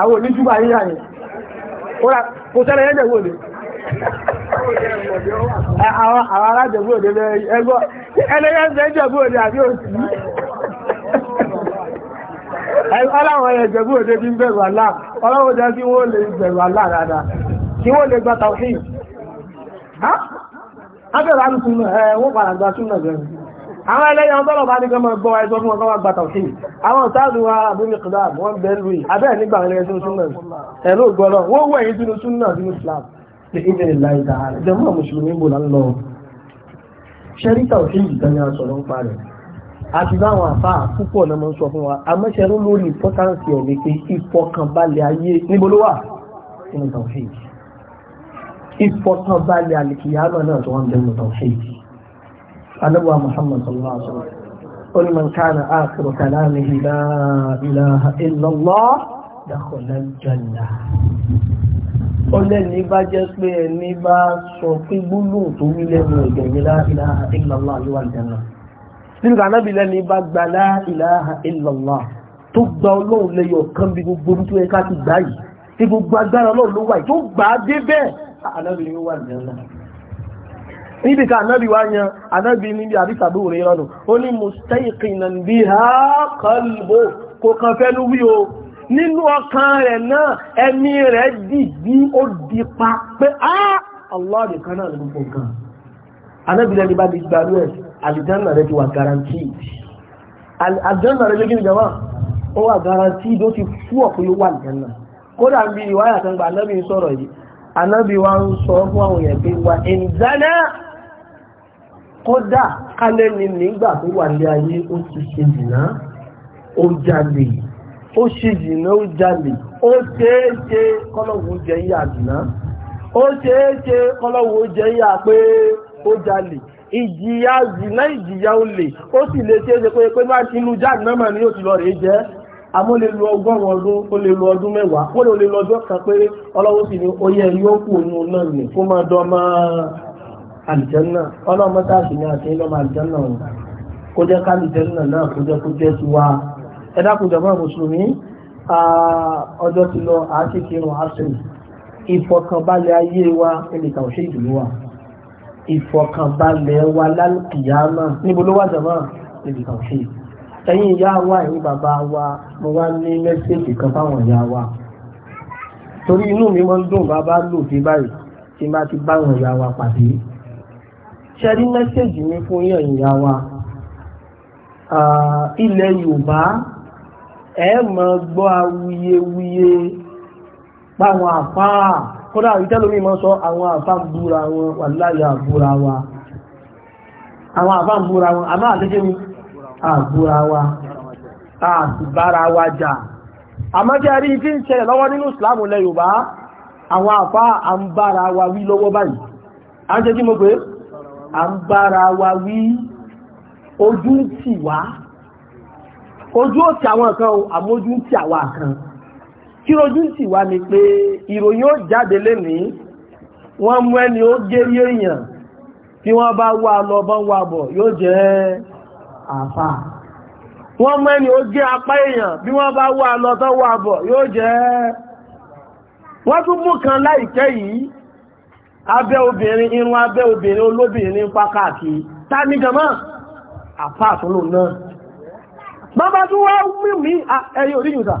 àwọn oníjúbà yín àyẹ̀ kò tẹ́lẹ̀ yẹ́ jẹgbóòdé àwọn arájẹgbóòdé ẹgbọ́ ẹlẹ́yẹ aláwọn ẹ̀jẹ̀bú òde bí ń bẹ̀rù àlá ọlọ́wọ́ jẹ́ kí wọ́n lè bẹ̀rù àlá rárá kí wọ́n lè gba tàwí abẹ́rẹ́ alùsùn ẹ̀ wọ́n padà gba súnà bẹ̀rù àwọn ẹlẹ́yìn àwọn tọ́lọ̀ bá ní gọmọ gbọ́ ẹjọ́ fún ọkọ̀ àgbà tàwí àwọn sáàdù wa àbúmi kìlá wọ́n bẹ̀rù abẹ́rẹ́ nígbà ẹlẹ́yìn sínú súnà ẹ̀rọ àti báwọn àfa púpọ̀ náà máa ń sọ fún wa amẹ́sẹ̀rú lórí ìpọ́tánsì ẹ̀ ní pé ìfọkànbalẹ̀ ayé níbo ló wà nínú tawhid ìfọkànbalẹ̀ àlìkìyàmà náà tó wà nínú tawhid alábùwà Muhammad sallallahu alaihi wa sallam قل من كان آخر كلامه لا إله إلا الله دخل الجنة Ọlẹ́ni bá jẹ́ pé ẹni bá sọ pé gbólóhùn tó wí lẹ́nu ẹ̀gbẹ̀rẹ̀ la ilaha illa Allah yóò nígbà anábì lẹ́ni bá gba la ilaha illallah tó gba ọlọ́run lẹ́yọ̀ kan bí gbogbo tó yẹ ká gbá yìí tí gbogbo agbára ọlọ́run ló wà tó gbà á dé bẹ́ẹ̀ anábì ni ó wà nìyẹn náà níbi ká anábì wá yan anábì níbi àdìsá bó rè lọ́nu ó ní mustayqinan biha qalbu kò kàn fẹ́ ló wí o nínú ọkàn rẹ̀ náà ẹ̀mí rẹ̀ dìbí ó di pa pé á Allah nìkan náà ló gbogbo nǹkan anábì lẹ́ni bá di gbàlú ẹ̀sìn àlìjánà rẹ ti wà guaranteed àlìjánà rẹ lójú ìjọba ó wà guaranteed ó ti fú ọ̀pọ̀ yóò wà àlìjánà kódà bí ìwáyà kan gba anábì ń sọ̀rọ̀ yìí anábì wa ń sọ fún àwọn èèyàn pé wà ìjánà kódà kálẹ̀ ni nígbà tó wà ní ayé ó ti ṣe jìnnà ó jalè ó ṣe jìnnà ó jalè ó ṣeéṣe kọ́lọ́wù jẹ́ yà jìnnà ó ṣeéṣe kọ́lọ́wù jẹ́ yà pé ó jalè ìjìyà zìnà ìjìyà olè ó sì lè ṣe é ṣe pé pé máa ti lu jáde náà ni yóò ti lọ rèé jẹ́ àmọ́ lè lo ọgọ́rùn ọdún ó lè lo ọdún mẹ́wàá ó lè lo ọjọ́ kan pé ọlọ́wọ́ sì ni ó yẹ yóò kù nù náà nì kó máa dán ọmọ àlìjẹ́nà ọlọ́mọ tá a sì ní àti ìlọ́mọ àlìjẹ́nà ọ̀hún kó jẹ́ ká àlìjẹ́nà náà kó jẹ́ kó jẹ́ ti wá ẹ dákun jọ̀mọ́ mùsùlùmí ọjọ́ ti lọ àá sì kírun àṣírí ìfọkànbalẹ̀ ayé wa ẹnìkan ò wa ìfọ̀kànbalẹ̀ wa lálùkìyàmà níbo ló wà jàmá níbi kan ṣe ẹ̀yin ìyá wa ẹ̀yin bàbá wa mo wá ní mẹ́sẹ̀ẹ̀jì kan fáwọn ìyá wa torí inú mi máa ń dùn bàbá lò sí báyìí tí bá ti báwọn ìyá wa pàdé ṣe rí mẹ́sẹ̀ẹ̀jì mi fún yín ìyá wa ilẹ̀ Yorùbá ẹ máa gbọ́ awuyewuye páwọn àfáà kódà ìtẹ́lómi mọ́ sọ àwọn àfáàbúra wọn wà láyé àbúra wa àbúra wa jà àmọ́ jẹ́ rí tí ń ṣẹlẹ̀ lọ́wọ́ nínú ìsìláàmù lẹ Yorùbá àwọn àfá àmbára wa wí lọ́wọ́ báyìí a ń jẹ́ wa wí ojú ti àwọn kan àmójú ń tì kan tí ojú sì wá ni pé ìròyìn ó jáde lénìí wọ́n mú ẹni ó gérí èèyàn tí wọ́n bá wá lọ bọ́ ń wá bọ̀ yóò jẹ́ àfà wọ́n mú ẹni ó gé apá èèyàn bí wọ́n bá wá lọ tọ́ wá bọ̀ yóò jẹ́ wọ́n tún mú kan láìpẹ́ yìí abẹ́ obìnrin irun abẹ́ obìnrin olóbìnrin pákàkì ta ní jama àfà àtúnlò náà bàbá tún wá mímí ẹyẹ oríyùn sáà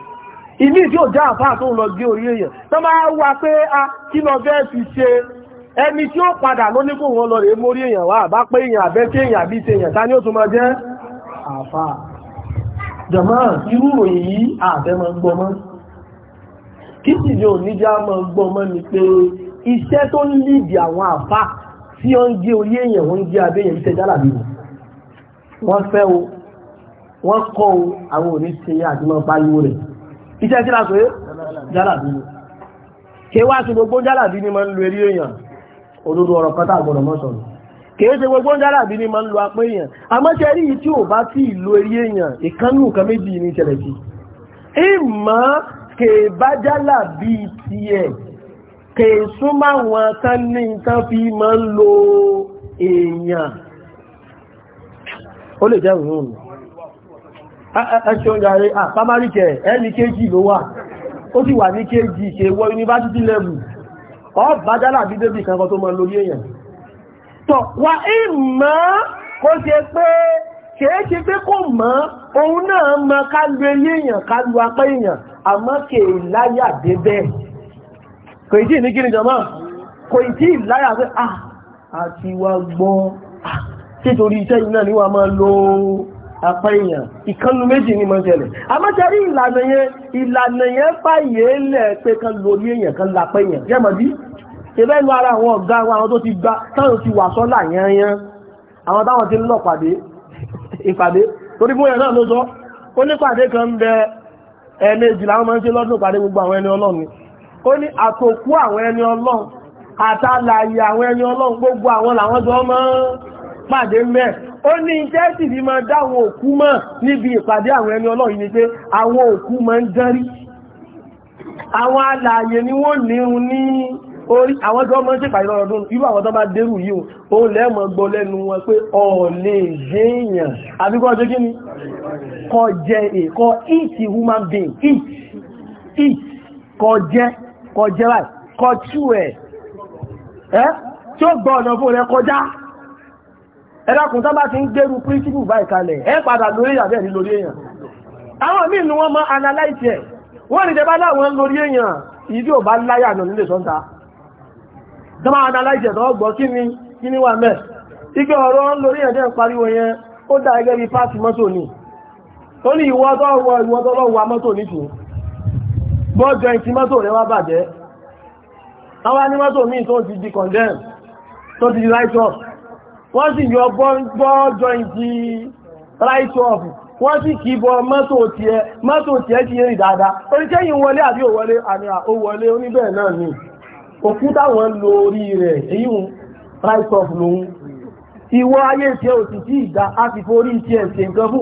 ìmí tí ó já àfáà tó ń lọ gé orí èèyàn tó máa wá pé a kí lọ fẹ́ fi ṣe ẹni tí ó padà ló ní kò wọ́n lọ rèé mórí èèyàn wá àbá pé èèyàn àbẹ́ tí èèyàn àbí ti èèyàn ta ni ó tún máa jẹ́ àfáà jọmọ́ irú ròyìn yìí àfẹ́ ni oníjà máa gbọmọ́ ni pé iṣẹ́ tó ń lídìí àwọn àfáà tí ó ń gé orí èèyàn wọ́n ń gé abẹ́yẹn iṣẹ́ jálàbí wọ́n fẹ́ o wọ́n kọ́ o àwọn òní ṣe àti máa báyìí rẹ̀ iṣẹ́ kí lásòó jálàbí ni kí wá sí gbogbo jálàbí ni ma ń lo eré èèyàn olódó ọ̀rọ̀ kan tàgbọ̀nà mọ́ sọ̀rọ̀ kìí ṣe gbogbo jálàbí ni ma ń lo apé èèyàn àmọ́ṣẹ́ rí tí ò bá tí lo eré èèyàn ìkánú nǹkan méjì ní ìṣẹ̀lẹ̀ sí ìmọ̀ kèé bá jálàbí tiẹ̀ kèé súnmọ́ àwọn tán tán fi máa ń lo èèyàn ó lè jẹ́ òun òun ẹṣọ́ ìyàrí àpámárìkẹ̀ ẹni kéjì ló wà ó sì wà ní kéjì ṣe wọ yunifásitì level ọba jálà bí débì kankan tó mọ́ lórí èèyàn tọ̀ wà ìmọ̀ kó ṣe pé kèéṣe pé kò mọ́ òun náà mọ́ ká lu elé èèyàn ká lu apá èèyàn àmọ́ kèé láyà débẹ̀ kò ì tí ní kí ni jọmọ́ kò ì tí ah, ah, ni wà máa lo apá èèyàn ìkànnù méjì ní mọ́ṣẹ́lẹ̀ àmọ́ṣẹ́rí ìlànà yẹn ìlànà yẹn fàyè lẹ̀ pé kan lórí èèyàn kan lápá èèyàn jẹ́ mọ̀ bí ṣẹbẹ́ inú ara àwọn ọ̀gá wa àwọn tó ti gba táwọn ti wà sọ́là yanyan àwọn táwọn ti ń lọ pàdé ìpàdé torí fún yẹn náà ló sọ ó ní pàdé kan ń bẹ ẹ̀ẹ̀mejì làwọn máa ń ṣe lọ́dún pàdé gbogbo àwọn ẹni ọlọ́run ó ní àtòkú àwọn ẹni ọlọ́run àtàlàyé àwọn ẹni ọlọ́run gbogbo àwọn làwọn jọ máa ń pàdé mẹ́ẹ̀ ó ní iṣẹ́ sì fi máa dá àwọn òkú mọ̀ níbi ìpàdé àwọn ẹni ọlọ́run ni pé àwọn òkú máa ń dárí àwọn alààyè ni wọ́n nírun ní orí àwọn tó mọ́ sí ìpàdé lọ́dún irú àwọn tó bá dérù yìí o lẹ́mọ̀ gbọ́ lẹ́nu wọn pé ọ̀lẹ́ èèyàn àbíkọ́ tó kí kọ jẹ èkọ́ ìtì human being eat eat kọ jẹ kọ jẹ báyìí kọ tú ẹ̀ ẹ́ tí ó gbọ́ ọ̀nà fún rẹ kọjá ẹ̀dàkùn sábà ti ń gbérú príncipù báyìí kalẹ̀ ẹ padà lórí àbẹ́ ní lórí èèyàn àwọn míì ni wọ́n mọ analyze ẹ̀ wọ́n ní jẹba láwọn lórí èèyàn ìdí ò bá láyà nà nílé sọ́ńtà jọba analyze ẹ̀ tọ́gbọ́ kí ni kí ni wà mẹ́ ike ọ̀rọ̀ lórí èèyàn jẹ́ pariwo yẹn ó pàṣẹ mọ́tò ni ó ní tó wọ tó wa mọ́tò ní bọ́ọ̀jọ ìtì mọ́tò rẹ wá bàjẹ́ àwọn ní míì tó ti di condemn tó ti di wọ́n sì yọ bọ́ọ̀jọ́ ìdí right off wọ́n sì kí bọ mọ́tò tiẹ̀ mọ́tò ti rìn dáadáa oríṣẹ́ wọlé àbí òwọlé àmì àwọlé oníbẹ̀ náà ni Òkúta lórí rẹ̀ right off ìwọ ayé tiẹ̀ ò ịda sí ìdá a sì forí tiẹ̀ ṣe nǹkan fún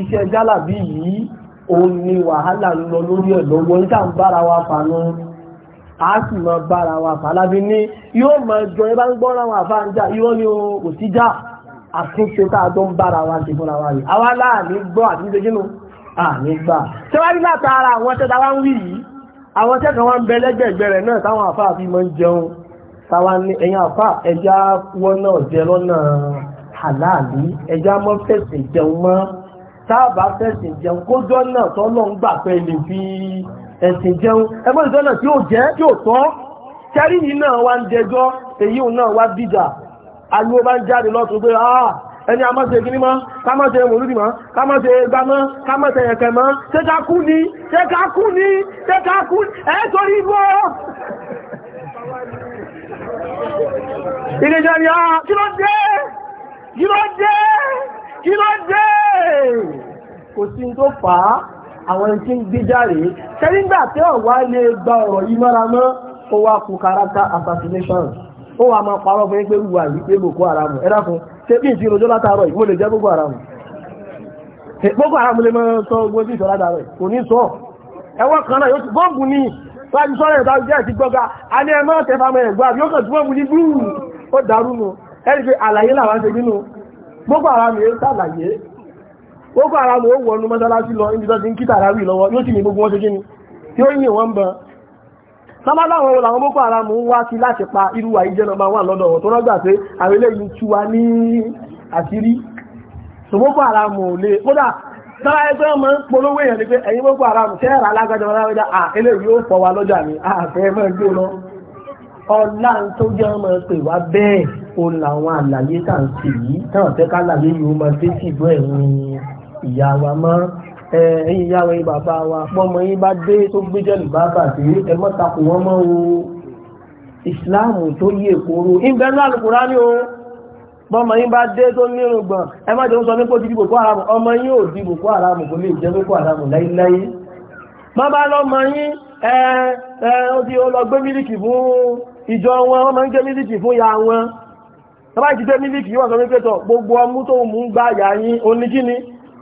iṣẹ́ jálàbí yìí òun ni wàhálà ń lọ lórí ẹ̀ lọ́wọ́ níta ń bára wa fànú a sì máa bára wa fà lábí ní yóò máa jọ ẹ bá ń gbọ́ra wọn àfa ń jà irọ́ ni kò sí jà àtúnṣe tá a ń bára wa ṣe fúnra wa rè àwa láàní gbọ́ àti ṣe kínú àní gbà ṣé wàá rí látara àwọn tẹ́ta wá ń wí yìí àwọn tẹ́ka wá ń bẹ lẹ́gbẹ̀ẹ́gbẹ̀ rẹ̀ náà táwọn àfa àfi máa ń jẹun táwa ní ẹ̀yìn àfa ẹja wọ́n náà jẹ lọ́nà àláàlí ẹja mọ́ fẹ̀sẹ̀ jẹun mọ́ táàbà fẹ́sìn jẹun kó jọ́nà tọ́lọ́ ń gbà pẹ́ lè fi ẹ̀sìn jẹun ẹgbẹ́ ìjọ́nà tí ó jẹ́ tí ó tọ́ kẹ́rí yìí náà wá ń jẹjọ́ èyí náà wá dìjà aliwo bá ń jáde lọ́tún pé ah ẹni àmọ́sẹ̀ kìíní mọ́ kámọ́sẹ̀ mòlúdì mọ́ kámọ́sẹ̀ ẹgbà mọ́ kámọ́sẹ̀ ẹ̀kẹ́ mọ́ tẹ́kákú ni tẹ́kákú ni tẹ́kákú ẹ̀ torí bọ́ ilé jẹ́ ni ah kí ló dé kí ló dé kí ló dé kò sí tó fà á àwọn ẹni tí ń gbé járe ṣẹ́nígbà tí ọ̀wá lè gba ọ̀rọ̀ yìí mọ́ra mọ́ ó wá kú character assassination ó wà máa parọ́ fún yín pé yìí pé boko haram ẹ dákun ṣé bí ìṣirò ọjọ́ látàárọ̀ yìí mo lè jẹ́ boko haram boko haram lè máa sọ ogun ìṣọ́ látàárọ̀ kò ní sọ kan náà a ní ẹmọ́ Boko Haram ó wọnú mọ́sálásí lọ níbi tó ti ń kí tàràwì lọ́wọ́ yóò sì ní gbogbo wọn ṣe kíni tí ó yìn wọ́n bọ̀ sábàláwọn olàwọn Boko Haram ń wá sí láti pa irú àìjẹ́ nọmba wà lọ́dọ̀ tó rọ́gbà pé àwọn eléyìí tú wa ní àṣírí so Boko Haram ò lè kódà sára ẹgbẹ́ ọmọ ń polówó èèyàn ni pé ẹ̀yin Boko Haram tẹ́ẹ̀rà alágbájọ alágbájá à eléyìí yóò fọ wa lọ́jà ní àfẹ́ mọ́ gbé lọ ọlá tó jẹ́ ọmọ àlàyé tà ń yìí táwọn fẹ́ ká yìí ó máa ṣe sí ìlú ẹ̀rùn ìyá wa mọ́ ẹ̀yìn ìyá wa yìí bàbá wa pọ́mọ yìí bá dé tó gbé jẹ́lì bá bàtí ẹ mọ́ takò wọ́n mọ́ o ìsìláàmù tó yí èkóró ìbẹ̀rù Al-Kùránì o bọ́mọ yìí bá dé tó nírùngbọ̀n ẹ má jẹun sọ nípò dídì Boko Haram ọmọ yìí ò di Boko Haram kò lè jẹ́ Boko Haram láíláí má bá lọ́mọ yìí ẹ wọ́n máa ń gbé mílíkì fún ya wọn tọ́bá ìtìtẹ́ mílíkì wọ́n sọ wípé tọ̀ gbogbo ọmú tó mú ń gbá yà yín oníkíní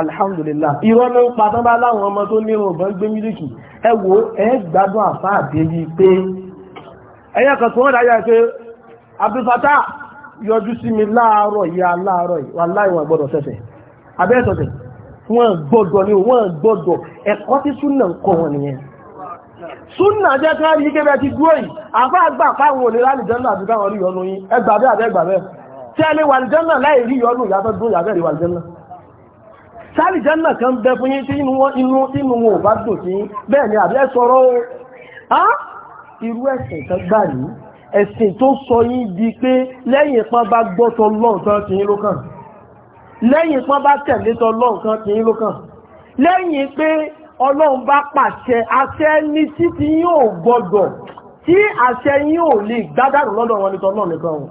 alhamdulillah irọ́ ló ń pa tán bá láwọn ọmọ tó ní ọ̀bọ̀n gbé mílíkì ẹ wo ẹ gbádùn àfáà débi pé ẹyẹ kan tí wọ́n dájọ́ pé abdulfata yọjú sí mi láàárọ̀ yìí aláàárọ̀ yìí wà láì wọn gbọ́dọ̀ sẹ́sẹ̀ abẹ́ sọ̀tẹ̀ wọn gbọ́dọ̀ ni wọn gbọ́dọ̀ ẹ̀kọ́ tí súnà ń kọ́ wọn nìyẹn súnà jẹ́ ká rí kébẹ́ ti dúró yìí àfáà gbà fáwọn òní lálùjẹ́ àti káwọn rí yọnu yín ẹgbàbẹ́ àbẹ́gbàbẹ́ tí a lè wà láì rí yọnu ìyàtọ̀ dúró yàtọ̀ rí wà sáàlì jẹ́nà kan bẹ fún yín tí inú wọn bá dùn sí bẹ́ẹ̀ ni àbí ẹ̀sọ̀rọ̀ o irú ẹ̀sìn kan gbà ní ẹ̀sìn tó sọ yín di pé lẹ́yìn pán bá gbọ́tọ̀ lọ́nkan tí yín lókàn lẹ́yìn pán bá tẹ̀lé tọ lọ́nkan tí yín lókàn lẹ́yìn pé ọlọ́run bá pàṣẹ àṣẹ ní títí yín ò gbọ́dọ̀ tí àṣẹ yín ò lè gbádàrú lọ́dọ̀ wọn nìkan náà nìkan o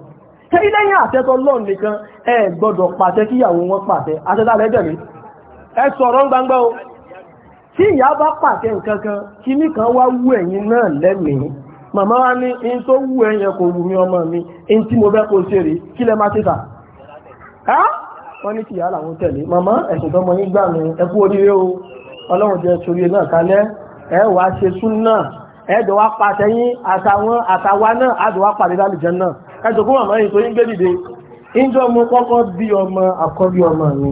ṣé lẹ́yìn àṣẹ tọ nìkan ẹ gbọ́dọ̀ pàṣẹ kíyàwó wọn pàṣẹ àṣẹ tá ẹ sọ̀rọ̀ gbangba o tí ìyá bá pàṣẹ nǹkan kan kíní kan wá wú ẹ̀yin náà lẹ́mìí màmá wa ní in tó wú ẹ̀yẹ kò wù mí ọmọ mi in tí mo fẹ́ kó ṣe rèé kí lẹ má ṣe tà á wọ́n ní kí ìyá làwọn tẹ̀lé màmá ẹ̀sùn tó mọ yín gbà mí ẹ kú oríire o ọlọ́run jẹ́ sórí ẹ náà kalẹ́ ẹ wàá ṣe sún náà ẹ jọ wá pàṣẹ yín àtàwọn àtàwa náà á jọ wá pàdé lálùjẹ náà ẹ jọ kó màmá yìí tó yín gbé dìde ìjọ mo kọ́kọ́ bí ọmọ àkọ́bí ọmọ mi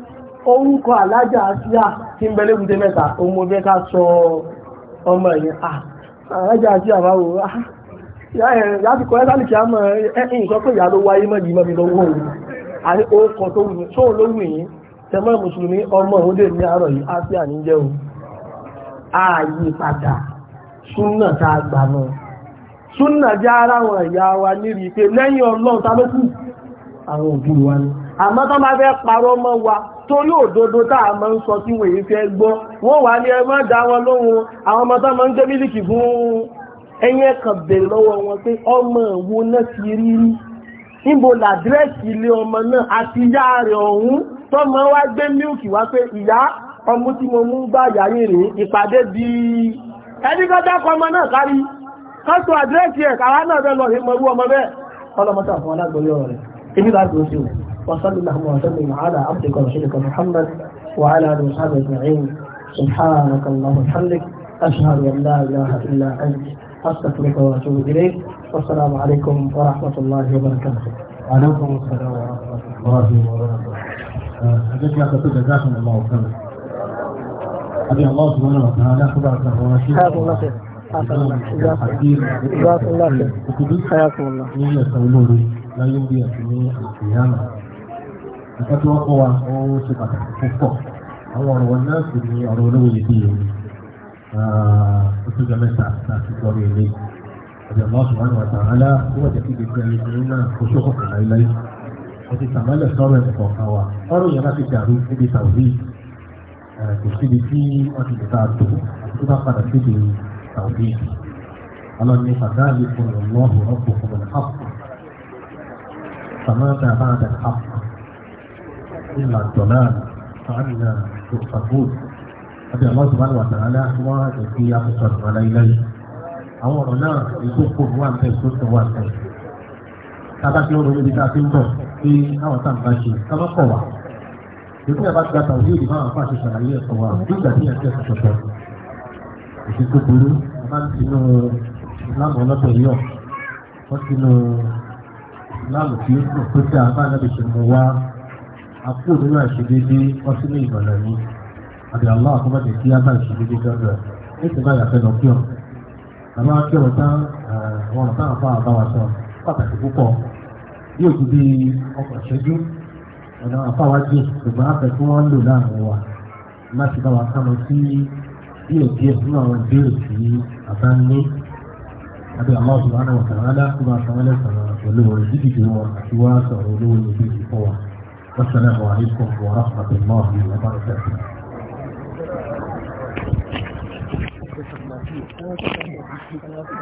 orúkọ alájà àṣíà tí ń bẹ̀lẹ́ gùdé mẹ́ta ohun mo ká sọ ọmọ yẹn ah, alájà àṣíà máa wò á láti a ama ẹ̀yìn sọ pé ìyá lo wáyé mọ́ yìí mọ́ mi lọ́wọ́ ọmọ o jẹ́ a náà Suna ara wa pé lẹ́yìn àwọn òbí wa àmọ́ wa torí òdodo taa máa ń sọ tí wòye fẹ́ gbọ́ wọ́n wà ní ẹmọ́ dá wọn lóhun àwọn ọmọ táà máa ń gbé mílìkì fún ẹyẹ kan bèrè lọ́wọ́ wọn pé ọmọ wo náà ti rí rí níbo làdírẹ́sì ilé ọmọ náà àti ìyá rẹ̀ ọ̀hún tọ́mọ wá gbé mílìkì wá pé ìyá tí mo mú gbà yá yìí rèé ìpàdé di ẹni kan dákọ̀ ọmọ náà kárí kọ́tù àdírẹ́sì ẹ̀ káwá náà bẹ́ẹ̀ وصل اللهم وسلم على عبدك ورسولك محمد وعلى اله وصحبه اجمعين سبحانك اللهم وبحمدك اشهد ان لا اله الا انت استغفرك واتوب اليك والسلام عليكم ورحمه الله وبركاته. وعليكم السلام ورحمه الله وبركاته. أجل جزاكم الله خيرا. رضي الله سبحانه وتعالى خبرك ورشيدك. حياكم الله خير. جزاكم الله خير. حياكم الله. لا يمضي في القيامة. ìfẹ́ tí wọ́n kọ́ wa ó ṣe pàtàkì púpọ̀ àwọn ọ̀rọ̀ náà sì ni ọ̀rọ̀ olówó yìí bí yẹn oṣooṣù mẹ́ta láti gbọ́ rí ilé ọ̀dọ̀ náà sùn wọn wàtà ńlá tí wọ́n jẹ́ kí gbogbo ẹni ní náà kó ṣókò kàn láyé láyé ó ti sàmọ́lẹ̀ sọ́rọ̀ ẹ̀ kọ̀ọ̀kan wa ọ̀rọ̀ yẹn láti dàrú níbi tàwí kò síbi tí wọ́n ti lè bá a àti tó bá padà síbi tàwí ọlọ́ni fàdáàlì fún ọlọ́hùn ọ̀pọ̀ fún ọ̀nà àpò sàmọ́lẹ̀ bá a dà àpò إلا الضلال فعنا يؤفكون àti àwọn ìsìnkú wà tààlà wọn èsì àkọsọ̀rọ̀ wọn láíláí àwọn ọ̀rọ̀ náà ìkókò wà ń bẹ ìkókò wà ń bẹ tábàkì ọ̀rọ̀ níbi tá a ti ń bọ̀ pé àwọn tá à ń bá ṣe káwọn kọ̀ wá ìpínlẹ̀ àbá ti gbàtà òye ìdìbò àwọn afáàṣẹ ṣàlàyé ẹ̀kọ́ wa bí ìgbà tí ẹ̀kẹ́ ẹ̀kọ́ ṣọ̀tọ̀ òsì tó burú máa ń tinú láàmú ọlọ́tọ̀ yọ̀ wọ́n tinú láàmú tí ó kò tó dáa bá àkókò nínú àìṣedédé ọtí ní ìmọ̀nà mi àbí aláwọ̀ tó bá kí á bá ìṣedédé dọ́dọ̀ ẹ̀ ní ti bá lọ kíọ̀ àmọ́ kíọ̀ tán àwọn ọ̀tá àfa àbáwá sọ pàtàkì púpọ̀ bí òkú bí ọkọ̀ ìṣẹ́jú ọ̀nà àfáwá jẹ́ ṣùgbọ́n àfẹ́ tí wọ́n lò láàrin wa láti bá wa kánú sí díẹ̀ díẹ̀ nínú àwọn ìbéèrè tí àbá ń ní àbí àwọn ọ̀sùn wa náà wọ̀ sàrànlá tó bá sàrànlá sọ̀rọ̀ olówó ìdíje wọn àti wá sọ̀rọ̀ olówó ìdíje fún wa. والسلام عليكم ورحمة الله وبركاته Thank you.